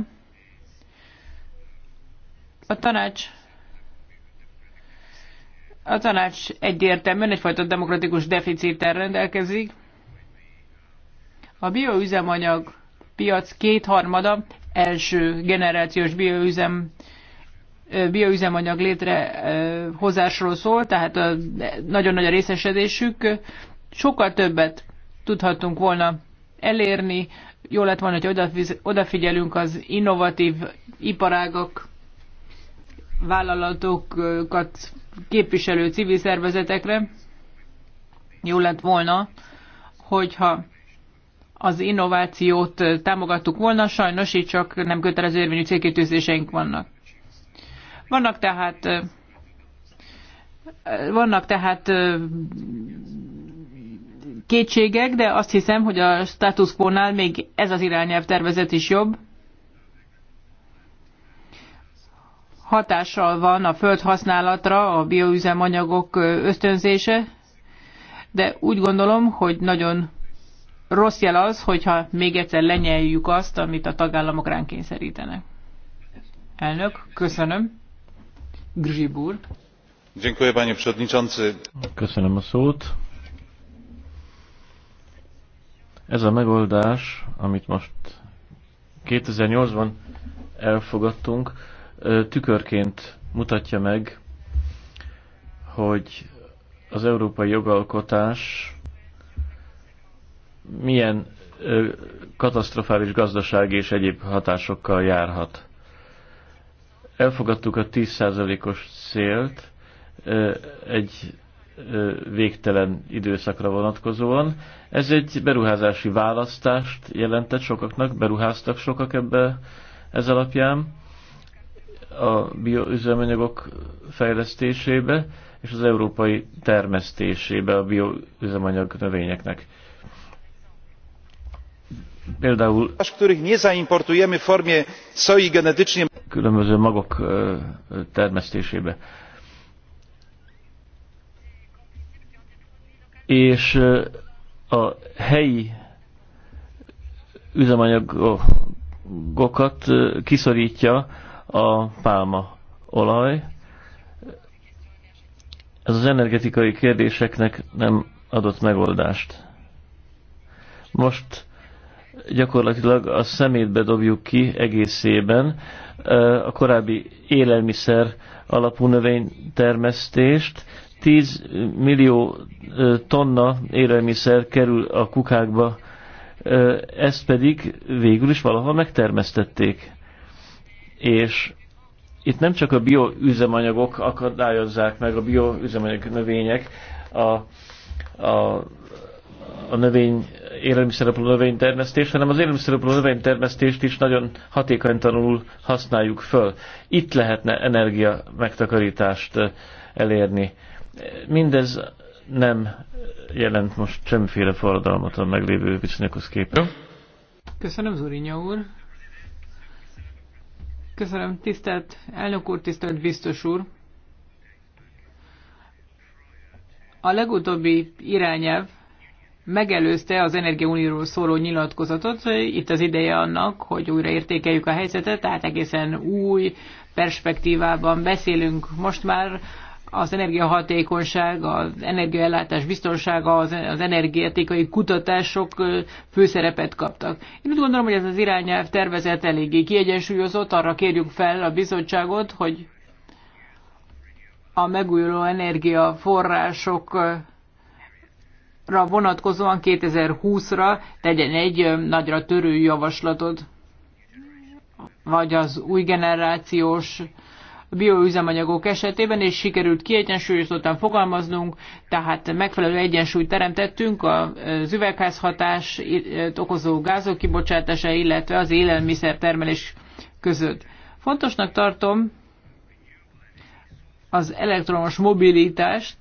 A tanács a tanács egyértelműen egyfajta demokratikus deficittel rendelkezik. A bioüzemanyag piac kétharmada első generációs bioüzem bioüzemanyag létrehozásról szól, tehát a, nagyon nagy a részesedésük. Sokkal többet tudhattunk volna elérni. Jó lett volna, hogy odafigyelünk az innovatív iparágak, vállalatokat képviselő civil szervezetekre. Jó lett volna, hogyha az innovációt támogattuk volna, sajnos így csak nem kötelező érvényű célkitűzéseink vannak. Vannak tehát vannak tehát kétségek, de azt hiszem, hogy a status quo-nál még ez az irányelv tervezet is jobb. Hatással van a földhasználatra a bioüzemanyagok ösztönzése, de úgy gondolom, hogy nagyon rossz jel az, hogyha még egyszer lenyeljük azt, amit a tagállamok ránk kényszerítenek. Elnök, köszönöm. Grzibur. Dziękuję, panie przewodniczący. Köszönöm a szót. Ez a megoldás, amit most 2008-ban elfogadtunk, tükörként mutatja meg, hogy az európai jogalkotás milyen katasztrofális gazdasági és egyéb hatásokkal járhat. Elfogadtuk a 10%-os célt egy végtelen időszakra vonatkozóan. Ez egy beruházási választást jelentett sokaknak, beruháztak sokak ebbe ez alapján a bioüzemanyagok fejlesztésébe és az európai termesztésébe a bioüzemanyag növényeknek Például különböző magok termesztésébe. És a helyi üzemanyagokat kiszorítja a pálma olaj. Ez az energetikai kérdéseknek nem adott megoldást. Most gyakorlatilag a szemétbe dobjuk ki egészében a korábbi élelmiszer alapú növénytermesztést. 10 millió tonna élelmiszer kerül a kukákba, ezt pedig végül is valahol megtermesztették. És itt nem csak a bioüzemanyagok akadályozzák meg, a bioüzemanyag növények, a, a, a növény élelmiszereplő növénytermesztést, hanem az élelmiszereplő növénytermesztést is nagyon hatékonytanul használjuk föl. Itt lehetne energia megtakarítást eh, elérni. Mindez nem jelent most semmiféle forradalmat a meglévő viszonyokhoz képest. Köszönöm, Zurinja úr. Köszönöm, tisztelt elnök úr, tisztelt biztos úr. A legutóbbi irányelv megelőzte az Energiaunióról szóló nyilatkozatot. Itt az ideje annak, hogy újra értékeljük a helyzetet, tehát egészen új perspektívában beszélünk most már az energiahatékonyság, az energiaellátás biztonsága, az, az energetikai kutatások főszerepet kaptak. Én úgy gondolom, hogy ez az irányelv tervezet eléggé kiegyensúlyozott, arra kérjük fel a bizottságot, hogy a megújuló energiaforrások ra vonatkozóan 2020-ra tegyen egy nagyra törő javaslatot, vagy az új generációs bioüzemanyagok esetében, és sikerült kiegyensúlyozottan fogalmaznunk, tehát megfelelő egyensúlyt teremtettünk az üvegházhatás okozó gázok kibocsátása, illetve az élelmiszer termelés között. Fontosnak tartom, az elektromos mobilitást,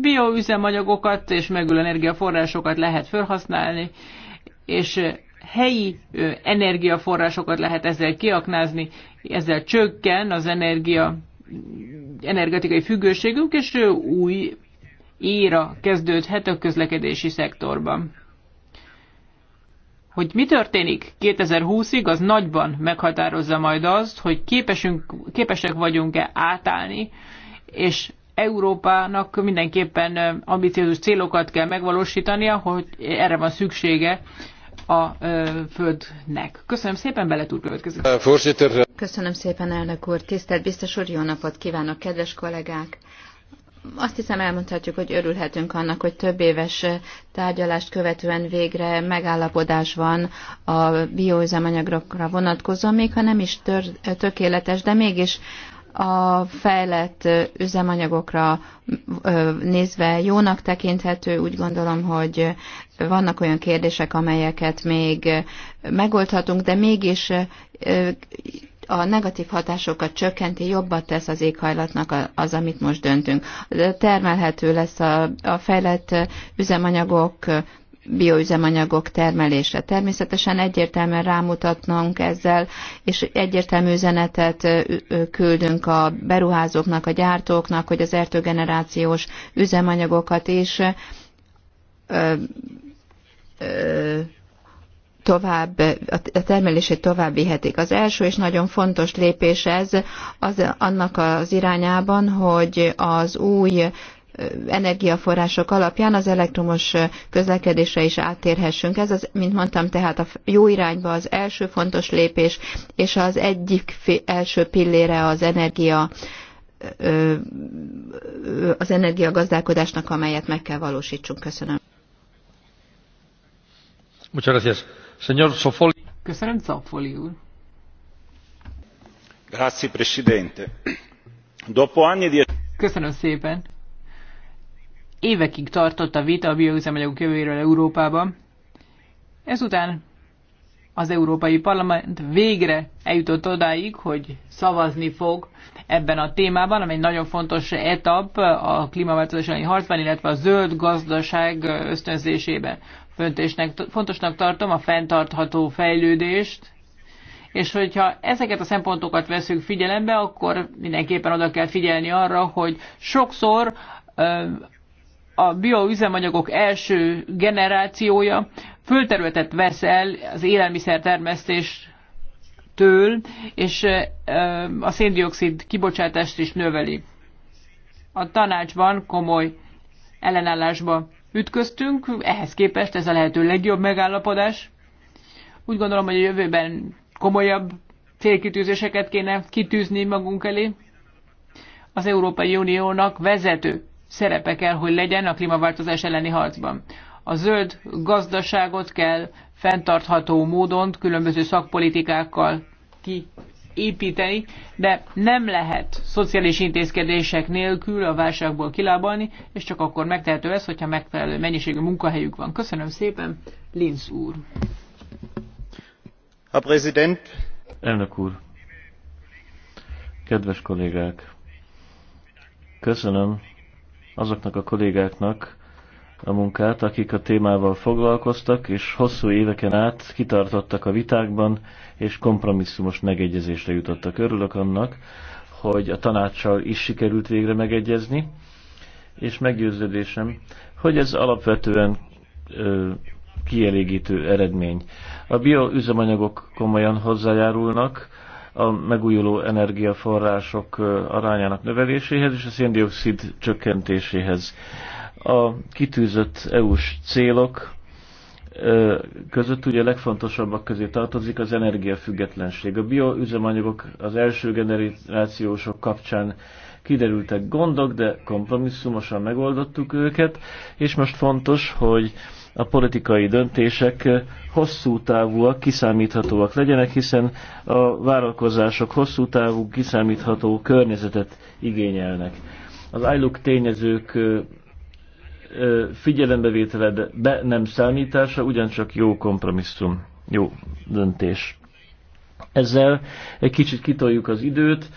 bioüzemanyagokat és megül energiaforrásokat lehet felhasználni, és helyi energiaforrásokat lehet ezzel kiaknázni, ezzel csökken az energia, energetikai függőségünk, és új éra kezdődhet a közlekedési szektorban hogy mi történik 2020-ig, az nagyban meghatározza majd azt, hogy képesünk, képesek vagyunk-e átállni, és Európának mindenképpen ambiciózus célokat kell megvalósítania, hogy erre van szüksége a Földnek. Köszönöm szépen, bele úr következik. Köszönöm szépen, elnök úr. Tisztelt biztos úr, jó napot kívánok, kedves kollégák! azt hiszem elmondhatjuk, hogy örülhetünk annak, hogy több éves eh, tárgyalást követően végre megállapodás van a bioüzemanyagokra vonatkozóan, még ha nem is tör, eh, tökéletes, de mégis a fejlett eh, üzemanyagokra nézve jónak tekinthető, úgy gondolom, hogy vannak olyan kérdések, amelyeket még megoldhatunk, de mégis a negatív hatásokat csökkenti, jobbat tesz az éghajlatnak az, amit most döntünk. Termelhető lesz a, a fejlett üzemanyagok, bioüzemanyagok termelése. Természetesen egyértelműen rámutatnunk ezzel, és egyértelmű üzenetet küldünk a beruházóknak, a gyártóknak, hogy az ertőgenerációs üzemanyagokat is ö, ö, tovább, a termelését tovább vihetik. Az első és nagyon fontos lépés ez az, annak az irányában, hogy az új energiaforrások alapján az elektromos közlekedésre is áttérhessünk. Ez, az, mint mondtam, tehát a jó irányba az első fontos lépés, és az egyik első pillére az energia az energiagazdálkodásnak, amelyet meg kell valósítsunk. Köszönöm. Muchas gracias. Köszönöm, Sofoli úr. Grazie, Presidente. Dopo anni di... Köszönöm szépen. Évekig tartott a vita a bioüzemanyagok jövőjéről Európában. Ezután az Európai Parlament végre eljutott odáig, hogy szavazni fog ebben a témában, ami egy nagyon fontos etap a klímaváltozás elleni harcban, illetve a zöld gazdaság ösztönzésében. Föntésnek, fontosnak tartom a fenntartható fejlődést, és hogyha ezeket a szempontokat veszünk figyelembe, akkor mindenképpen oda kell figyelni arra, hogy sokszor a bioüzemanyagok első generációja földterületet vesz el az élelmiszertermesztéstől, és a széndiokszid kibocsátást is növeli. A tanácsban komoly ellenállásba ütköztünk, ehhez képest ez a lehető legjobb megállapodás. Úgy gondolom, hogy a jövőben komolyabb célkitűzéseket kéne kitűzni magunk elé. Az Európai Uniónak vezető szerepe kell, hogy legyen a klímaváltozás elleni harcban. A zöld gazdaságot kell fenntartható módon különböző szakpolitikákkal ki építeni, de nem lehet szociális intézkedések nélkül a válságból kilábalni, és csak akkor megtehető ez, hogyha megfelelő mennyiségű munkahelyük van. Köszönöm szépen, Linz úr. A prezident. Elnök úr. Kedves kollégák. Köszönöm azoknak a kollégáknak a munkát, akik a témával foglalkoztak, és hosszú éveken át kitartottak a vitákban, és kompromisszumos megegyezésre jutottak. Örülök annak, hogy a tanácssal is sikerült végre megegyezni, és meggyőződésem, hogy ez alapvetően ö, kielégítő eredmény. A bioüzemanyagok komolyan hozzájárulnak a megújuló energiaforrások arányának növeléséhez és a széndiokszid csökkentéséhez. A kitűzött EU-s célok között ugye a legfontosabbak közé tartozik az energiafüggetlenség. A bioüzemanyagok az első generációsok kapcsán kiderültek gondok, de kompromisszumosan megoldottuk őket, és most fontos, hogy a politikai döntések hosszú távúak, kiszámíthatóak legyenek, hiszen a vállalkozások hosszú távú, kiszámítható környezetet igényelnek. Az ILUK tényezők figyelembevételed be nem számítása ugyancsak jó kompromisszum, jó döntés. Ezzel egy kicsit kitoljuk az időt,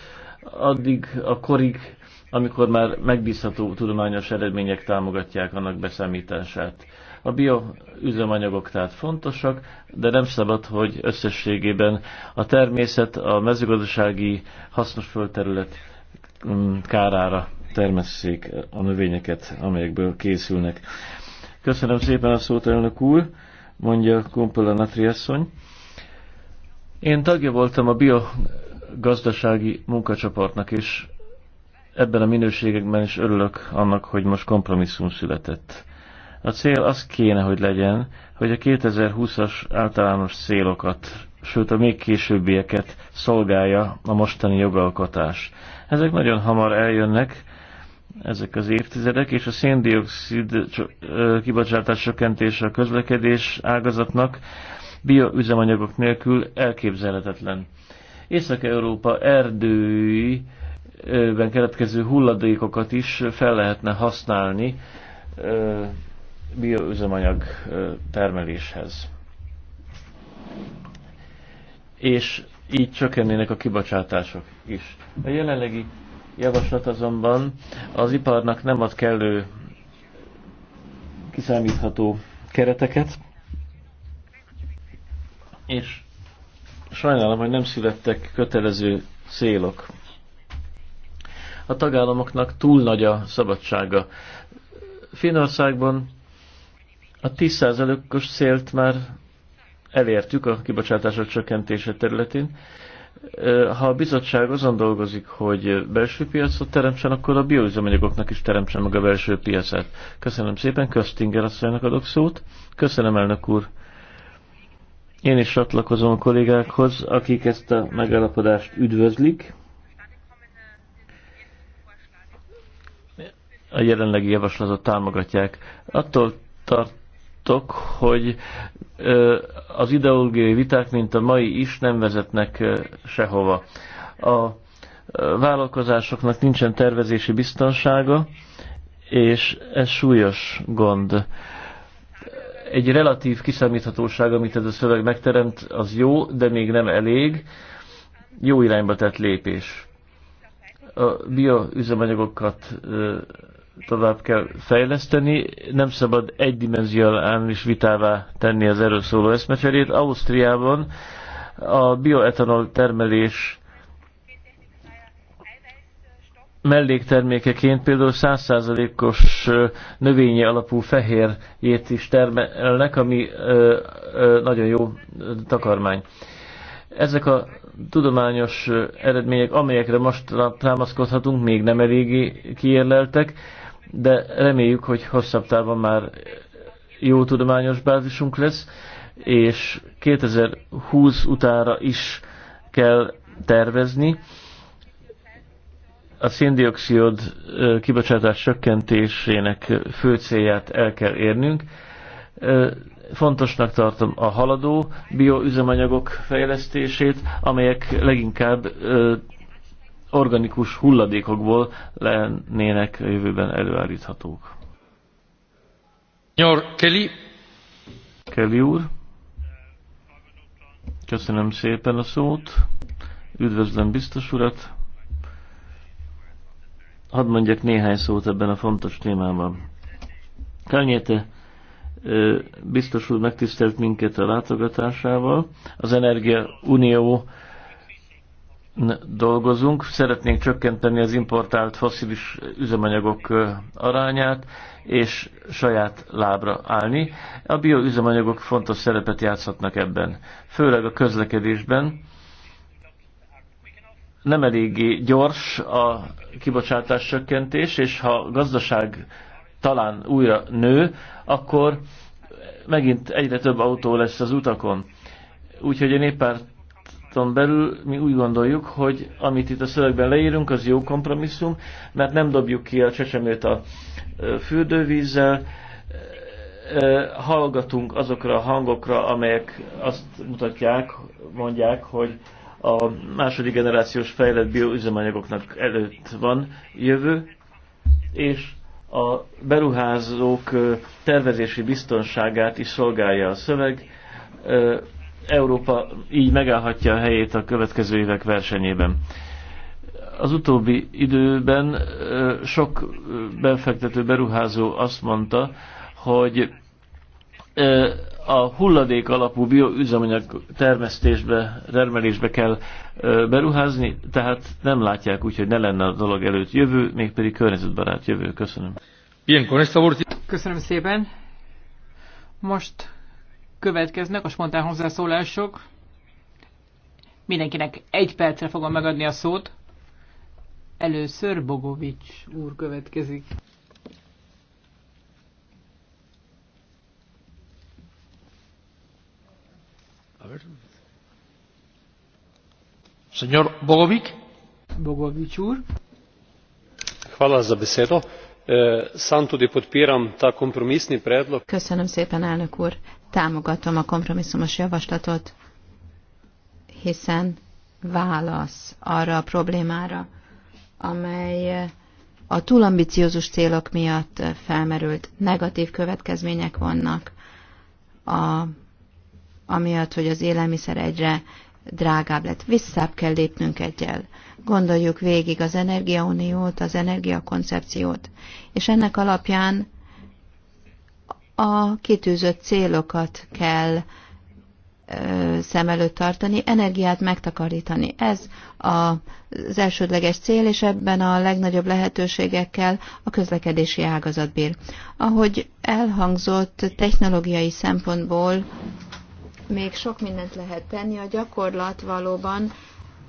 addig a korig, amikor már megbízható tudományos eredmények támogatják annak beszámítását. A bioüzemanyagok tehát fontosak, de nem szabad, hogy összességében a természet, a mezőgazdasági hasznos földterület mm, kárára termesszék a növényeket, amelyekből készülnek. Köszönöm szépen a szót, elnök úr, mondja Kumpel a Natriasszony. Én tagja voltam a biogazdasági munkacsoportnak, és ebben a minőségekben is örülök annak, hogy most kompromisszum született. A cél az kéne, hogy legyen, hogy a 2020-as általános célokat, sőt a még későbbieket szolgálja a mostani jogalkotás. Ezek nagyon hamar eljönnek, ezek az évtizedek, és a széndiokszid kibocsátás csökkentése a közlekedés ágazatnak bioüzemanyagok nélkül elképzelhetetlen. Észak-Európa erdői keletkező hulladékokat is fel lehetne használni bioüzemanyag termeléshez. És így csökkennének a kibocsátások is. A jelenlegi javaslat azonban az iparnak nem ad kellő kiszámítható kereteket, és sajnálom, hogy nem születtek kötelező célok. A tagállamoknak túl nagy a szabadsága. Finországban a 10%-os célt már elértük a kibocsátások csökkentése területén, ha a bizottság azon dolgozik, hogy belső piacot teremtsen, akkor a bioüzemanyagoknak is teremtsen meg a belső piacát. Köszönöm szépen, Köztinger asszonynak adok szót. Köszönöm, elnök úr. Én is csatlakozom a kollégákhoz, akik ezt a megállapodást üdvözlik. A jelenlegi javaslatot támogatják. Attól tart mondtok, hogy az ideológiai viták, mint a mai is, nem vezetnek sehova. A vállalkozásoknak nincsen tervezési biztonsága, és ez súlyos gond. Egy relatív kiszámíthatóság, amit ez a szöveg megteremt, az jó, de még nem elég. Jó irányba tett lépés. A bioüzemanyagokat tovább kell fejleszteni, nem szabad egydimenziális vitává tenni az erről szóló eszmecserét. Ausztriában a bioetanol termelés melléktermékeként például 100%-os növényi alapú fehérjét is termelnek, ami nagyon jó takarmány. Ezek a tudományos eredmények, amelyekre most támaszkodhatunk, még nem eléggé kiérleltek de reméljük, hogy hosszabb távon már jó tudományos bázisunk lesz, és 2020 utára is kell tervezni. A széndiokszid kibocsátás csökkentésének fő célját el kell érnünk. Fontosnak tartom a haladó bioüzemanyagok fejlesztését, amelyek leginkább organikus hulladékokból lennének a jövőben előállíthatók. Nyor Kelly. Kelly úr. Köszönöm szépen a szót. Üdvözlöm biztos urat. Hadd mondjak néhány szót ebben a fontos témában. Kányéte biztos úr megtisztelt minket a látogatásával. Az Energia Unió dolgozunk, szeretnénk csökkenteni az importált foszilis üzemanyagok arányát, és saját lábra állni. A bioüzemanyagok fontos szerepet játszhatnak ebben, főleg a közlekedésben. Nem eléggé gyors a kibocsátás csökkentés, és ha a gazdaság talán újra nő, akkor megint egyre több autó lesz az utakon. Úgyhogy a néppárt párton belül mi úgy gondoljuk, hogy amit itt a szövegben leírunk, az jó kompromisszum, mert nem dobjuk ki a csecsemőt a fürdővízzel, hallgatunk azokra a hangokra, amelyek azt mutatják, mondják, hogy a második generációs fejlett bioüzemanyagoknak előtt van jövő, és a beruházók tervezési biztonságát is szolgálja a szöveg, Európa így megállhatja a helyét a következő évek versenyében. Az utóbbi időben sok befektető beruházó azt mondta, hogy a hulladék alapú bioüzemanyag termesztésbe, termelésbe kell beruházni, tehát nem látják úgy, hogy ne lenne a dolog előtt jövő, mégpedig környezetbarát jövő. Köszönöm. Köszönöm szépen. Most következnek a spontán hozzászólások. Mindenkinek egy percre fogom megadni a szót. Először Bogovics úr következik. Señor Bogovic. Bogovic úr. Hvala za besedo. E, sam tudi podpiram ta kompromisni predlog. Köszönöm szépen, elnök úr támogatom a kompromisszumos javaslatot, hiszen válasz arra a problémára, amely a túlambiciózus célok miatt felmerült negatív következmények vannak, a, amiatt, hogy az élelmiszer egyre drágább lett. Visszább kell lépnünk egyel. Gondoljuk végig az energiauniót, az energiakoncepciót, és ennek alapján a kitűzött célokat kell szem előtt tartani, energiát megtakarítani. Ez az elsődleges cél, és ebben a legnagyobb lehetőségekkel a közlekedési ágazat bír. Ahogy elhangzott, technológiai szempontból még sok mindent lehet tenni, a gyakorlat valóban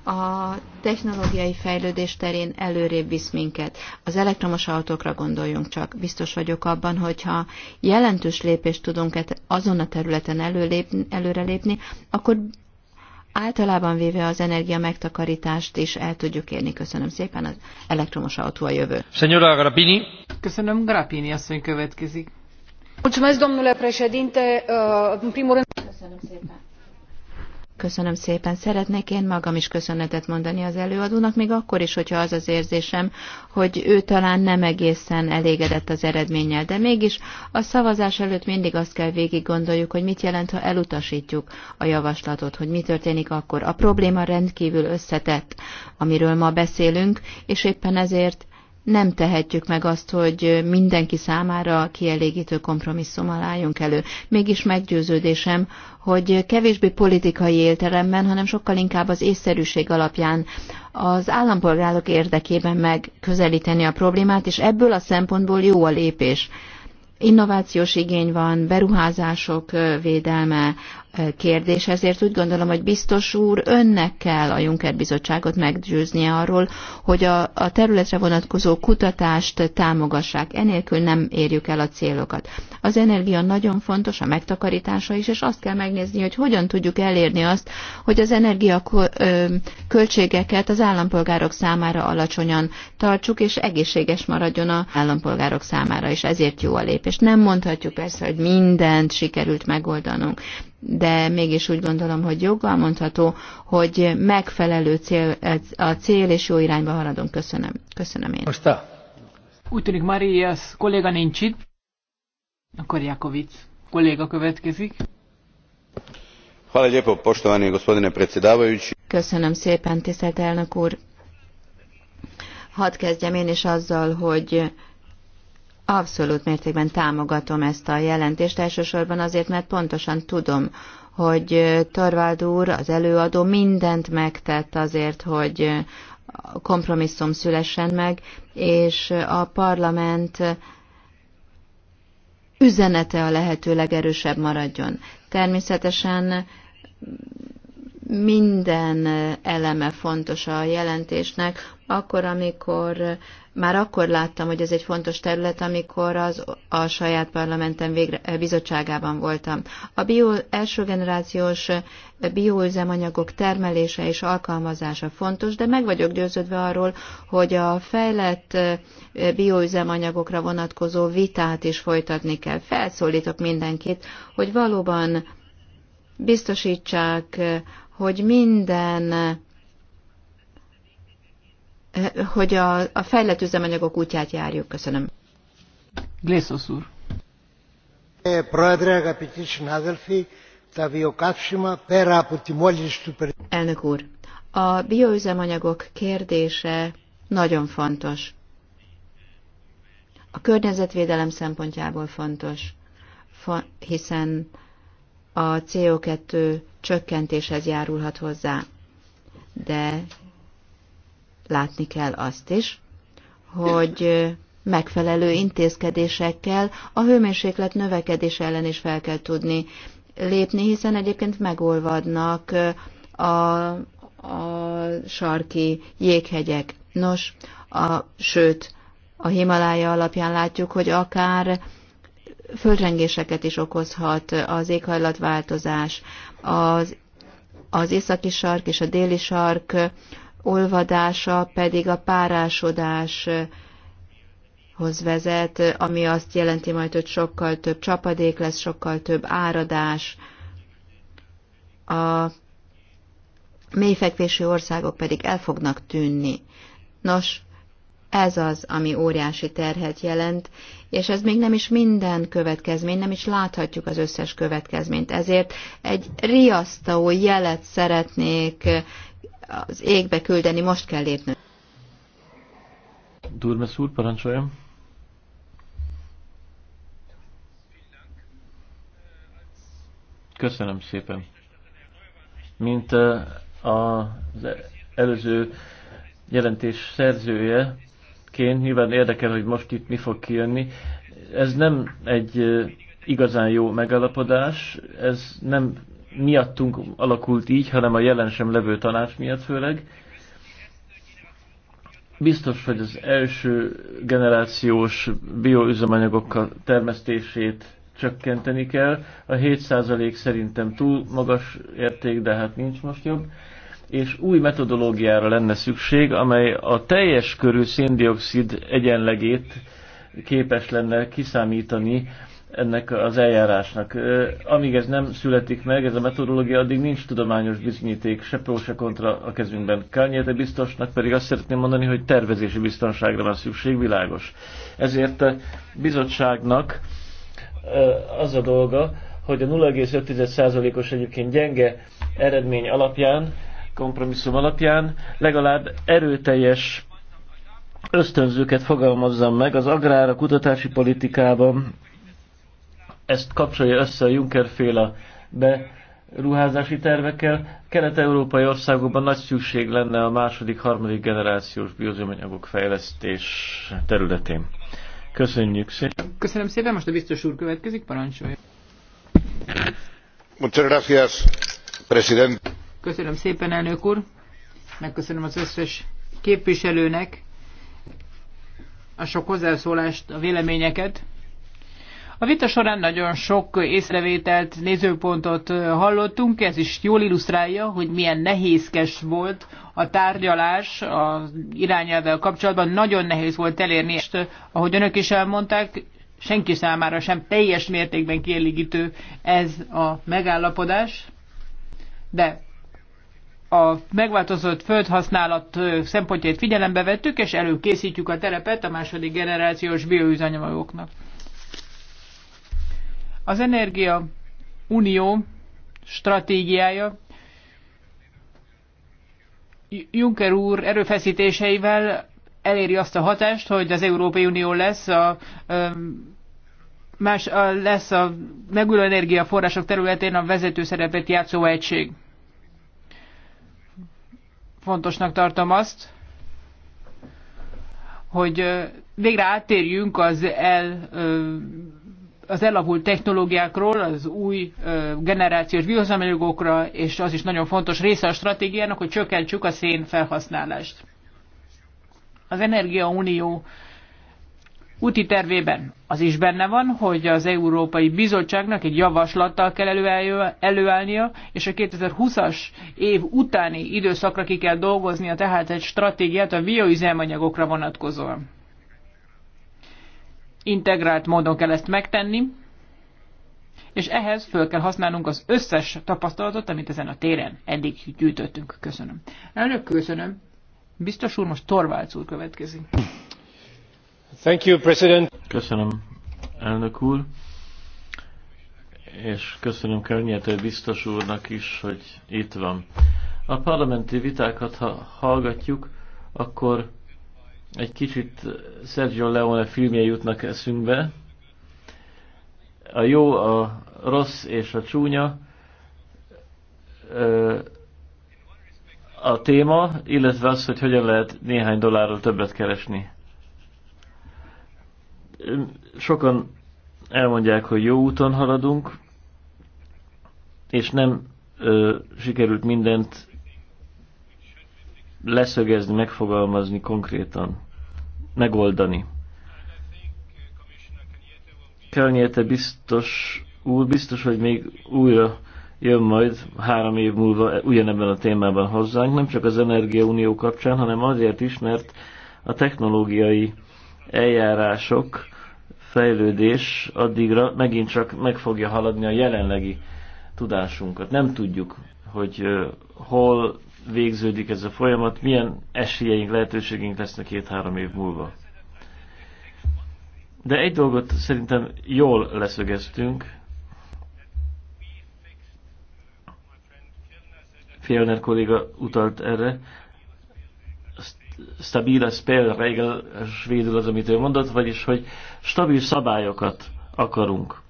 a technológiai fejlődés terén előrébb visz minket. Az elektromos autókra gondoljunk csak. Biztos vagyok abban, hogyha jelentős lépést tudunk e azon a területen előrelépni, akkor általában véve az energia megtakarítást is el tudjuk érni. Köszönöm szépen, az elektromos autó a jövő. Senyora Grapini. Köszönöm, Grapini asszony következik. Mulțumesc, domnule președinte. În primul rând... Köszönöm szépen. Köszönöm szépen. Szeretnék én magam is köszönetet mondani az előadónak, még akkor is, hogyha az az érzésem, hogy ő talán nem egészen elégedett az eredménnyel, de mégis a szavazás előtt mindig azt kell végig gondoljuk, hogy mit jelent, ha elutasítjuk a javaslatot, hogy mi történik akkor. A probléma rendkívül összetett, amiről ma beszélünk, és éppen ezért nem tehetjük meg azt, hogy mindenki számára kielégítő kompromisszum álljunk elő. Mégis meggyőződésem, hogy kevésbé politikai élteremben, hanem sokkal inkább az észszerűség alapján az állampolgárok érdekében megközelíteni a problémát, és ebből a szempontból jó a lépés. Innovációs igény van, beruházások védelme, kérdés, ezért úgy gondolom, hogy biztos úr, önnek kell a Juncker Bizottságot meggyőznie arról, hogy a, a területre vonatkozó kutatást támogassák, enélkül nem érjük el a célokat. Az energia nagyon fontos, a megtakarítása is, és azt kell megnézni, hogy hogyan tudjuk elérni azt, hogy az energia költségeket az állampolgárok számára alacsonyan tartsuk, és egészséges maradjon az állampolgárok számára, és ezért jó a lépés. Nem mondhatjuk persze, hogy mindent sikerült megoldanunk, de mégis úgy gondolom, hogy joggal mondható, hogy megfelelő cél, a cél, és jó irányba haladunk. Köszönöm. Köszönöm én. Most a... Úgy tűnik Marias kolléga nincs itt, akkor Jakovic kolléga következik. Köszönöm szépen, tisztelt elnök úr. Hadd kezdjem én is azzal, hogy Abszolút mértékben támogatom ezt a jelentést, elsősorban azért, mert pontosan tudom, hogy Torvald úr, az előadó mindent megtett azért, hogy kompromisszum szülessen meg, és a parlament üzenete a lehető legerősebb maradjon. Természetesen minden eleme fontos a jelentésnek, akkor, amikor már akkor láttam, hogy ez egy fontos terület, amikor az, a saját parlamentem végre, eh, bizottságában voltam. A bio, első generációs eh, bioüzemanyagok termelése és alkalmazása fontos, de meg vagyok győződve arról, hogy a fejlett eh, bioüzemanyagokra vonatkozó vitát is folytatni kell. Felszólítok mindenkit, hogy valóban biztosítsák, hogy minden hogy a, a fejlett üzemanyagok útját járjuk. Köszönöm. Glészos úr. Elnök úr, a bioüzemanyagok kérdése nagyon fontos. A környezetvédelem szempontjából fontos, hiszen a CO2 csökkentéshez járulhat hozzá, de látni kell azt is, hogy megfelelő intézkedésekkel a hőmérséklet növekedés ellen is fel kell tudni lépni, hiszen egyébként megolvadnak a, a sarki jéghegyek. Nos, a, sőt, a Himalája alapján látjuk, hogy akár földrengéseket is okozhat az éghajlatváltozás. Az, az északi sark és a déli sark olvadása pedig a párásodáshoz vezet, ami azt jelenti majd, hogy sokkal több csapadék lesz, sokkal több áradás. A mélyfekvésű országok pedig el fognak tűnni. Nos, ez az, ami óriási terhet jelent, és ez még nem is minden következmény, nem is láthatjuk az összes következményt. Ezért egy riasztó jelet szeretnék az égbe küldeni, most kell lépni. Durmes úr, parancsoljam. Köszönöm szépen. Mint az előző jelentés szerzője, ként nyilván érdekel, hogy most itt mi fog kijönni. Ez nem egy igazán jó megalapodás, ez nem miattunk alakult így, hanem a jelen sem levő tanács miatt főleg. Biztos, hogy az első generációs bioüzemanyagokkal termesztését csökkenteni kell. A 7% szerintem túl magas érték, de hát nincs most jobb. És új metodológiára lenne szükség, amely a teljes körű széndiokszid egyenlegét képes lenne kiszámítani ennek az eljárásnak. Amíg ez nem születik meg, ez a metodológia, addig nincs tudományos bizonyíték, se pró, se kontra a kezünkben. Kányéte biztosnak pedig azt szeretném mondani, hogy tervezési biztonságra van szükség, világos. Ezért a bizottságnak az a dolga, hogy a 0,5%-os egyébként gyenge eredmény alapján, kompromisszum alapján legalább erőteljes ösztönzőket fogalmazzam meg az agrár, a kutatási politikában, ezt kapcsolja össze a Juncker féle beruházási tervekkel. Kelet-európai országokban nagy szükség lenne a második, harmadik generációs bioüzemanyagok fejlesztés területén. Köszönjük szépen. Köszönöm szépen, most a biztos úr következik, parancsolja. Muchas gracias, president. Köszönöm szépen, elnök úr. Megköszönöm az összes képviselőnek a sok hozzászólást, a véleményeket. A vita során nagyon sok észrevételt, nézőpontot hallottunk, ez is jól illusztrálja, hogy milyen nehézkes volt a tárgyalás az irányelvvel kapcsolatban. Nagyon nehéz volt elérni, és ahogy önök is elmondták, senki számára sem teljes mértékben kielégítő ez a megállapodás, de a megváltozott földhasználat szempontjait figyelembe vettük, és előkészítjük a terepet a második generációs bioüzanyagoknak. Az Energia Unió stratégiája Juncker úr erőfeszítéseivel eléri azt a hatást, hogy az Európai Unió lesz a más a, lesz a megújuló energiaforrások területén a vezető szerepet játszó egység. Fontosnak tartom azt, hogy végre áttérjünk az el az elavult technológiákról, az új generációs bioüzemanyagokra, és az is nagyon fontos része a stratégiának, hogy csökkentsük a szén felhasználást. Az Energiaunió úti tervében az is benne van, hogy az Európai Bizottságnak egy javaslattal kell előállnia, és a 2020-as év utáni időszakra ki kell dolgoznia tehát egy stratégiát a bioüzemanyagokra vonatkozóan integrált módon kell ezt megtenni, és ehhez föl kell használnunk az összes tapasztalatot, amit ezen a téren eddig gyűjtöttünk. Köszönöm. Elnök, köszönöm. Biztos úr, most Torvalds úr következik. Thank you, President. Köszönöm, elnök úr. És köszönöm Környető biztos úrnak is, hogy itt van. A parlamenti vitákat, ha hallgatjuk, akkor egy kicsit Sergio Leone filmje jutnak eszünkbe. A jó, a rossz és a csúnya a téma, illetve az, hogy hogyan lehet néhány dollárról többet keresni. Sokan elmondják, hogy jó úton haladunk, és nem ö, sikerült mindent leszögezni, megfogalmazni konkrétan, megoldani. Kölnyéte biztos úr, biztos, hogy még újra jön majd három év múlva ugyanebben a témában hozzánk, nem csak az Energiaunió kapcsán, hanem azért is, mert a technológiai eljárások, fejlődés addigra megint csak meg fogja haladni a jelenlegi tudásunkat. Nem tudjuk, hogy hol végződik ez a folyamat, milyen esélyeink, lehetőségeink lesznek két-három év múlva. De egy dolgot szerintem jól leszögeztünk. Fjellner kolléga utalt erre. Stabila spelregel svédül az, amit ő mondott, vagyis, hogy stabil szabályokat akarunk.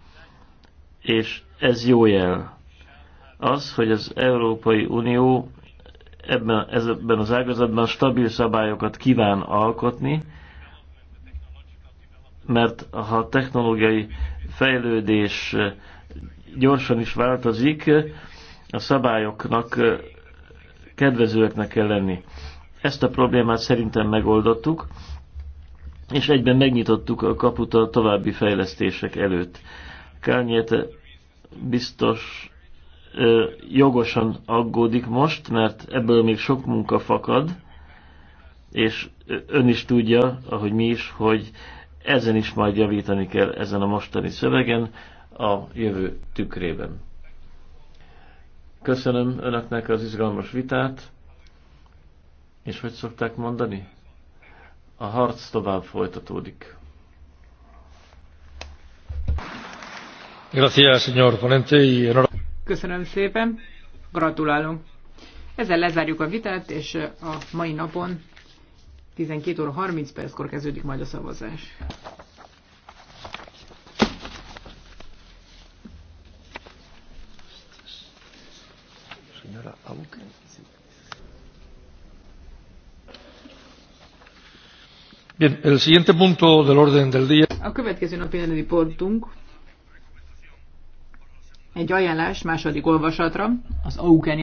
És ez jó jel. Az, hogy az Európai Unió ebben, ebben az ágazatban stabil szabályokat kíván alkotni, mert ha a technológiai fejlődés gyorsan is változik, a szabályoknak kedvezőeknek kell lenni. Ezt a problémát szerintem megoldottuk, és egyben megnyitottuk a kaput a további fejlesztések előtt. Kárnyéte biztos jogosan aggódik most, mert ebből még sok munka fakad, és ön is tudja, ahogy mi is, hogy ezen is majd javítani kell ezen a mostani szövegen a jövő tükrében. Köszönöm önöknek az izgalmas vitát, és hogy szokták mondani? A harc tovább folytatódik. Gracias, señor ponente, y Köszönöm szépen, gratulálunk. Ezzel lezárjuk a vitát, és a mai napon 12 óra 30 perckor kezdődik majd a szavazás. Bien, el siguiente punto del orden del día. A következő napi rendi pontunk egy ajánlás második olvasatra az AUKEN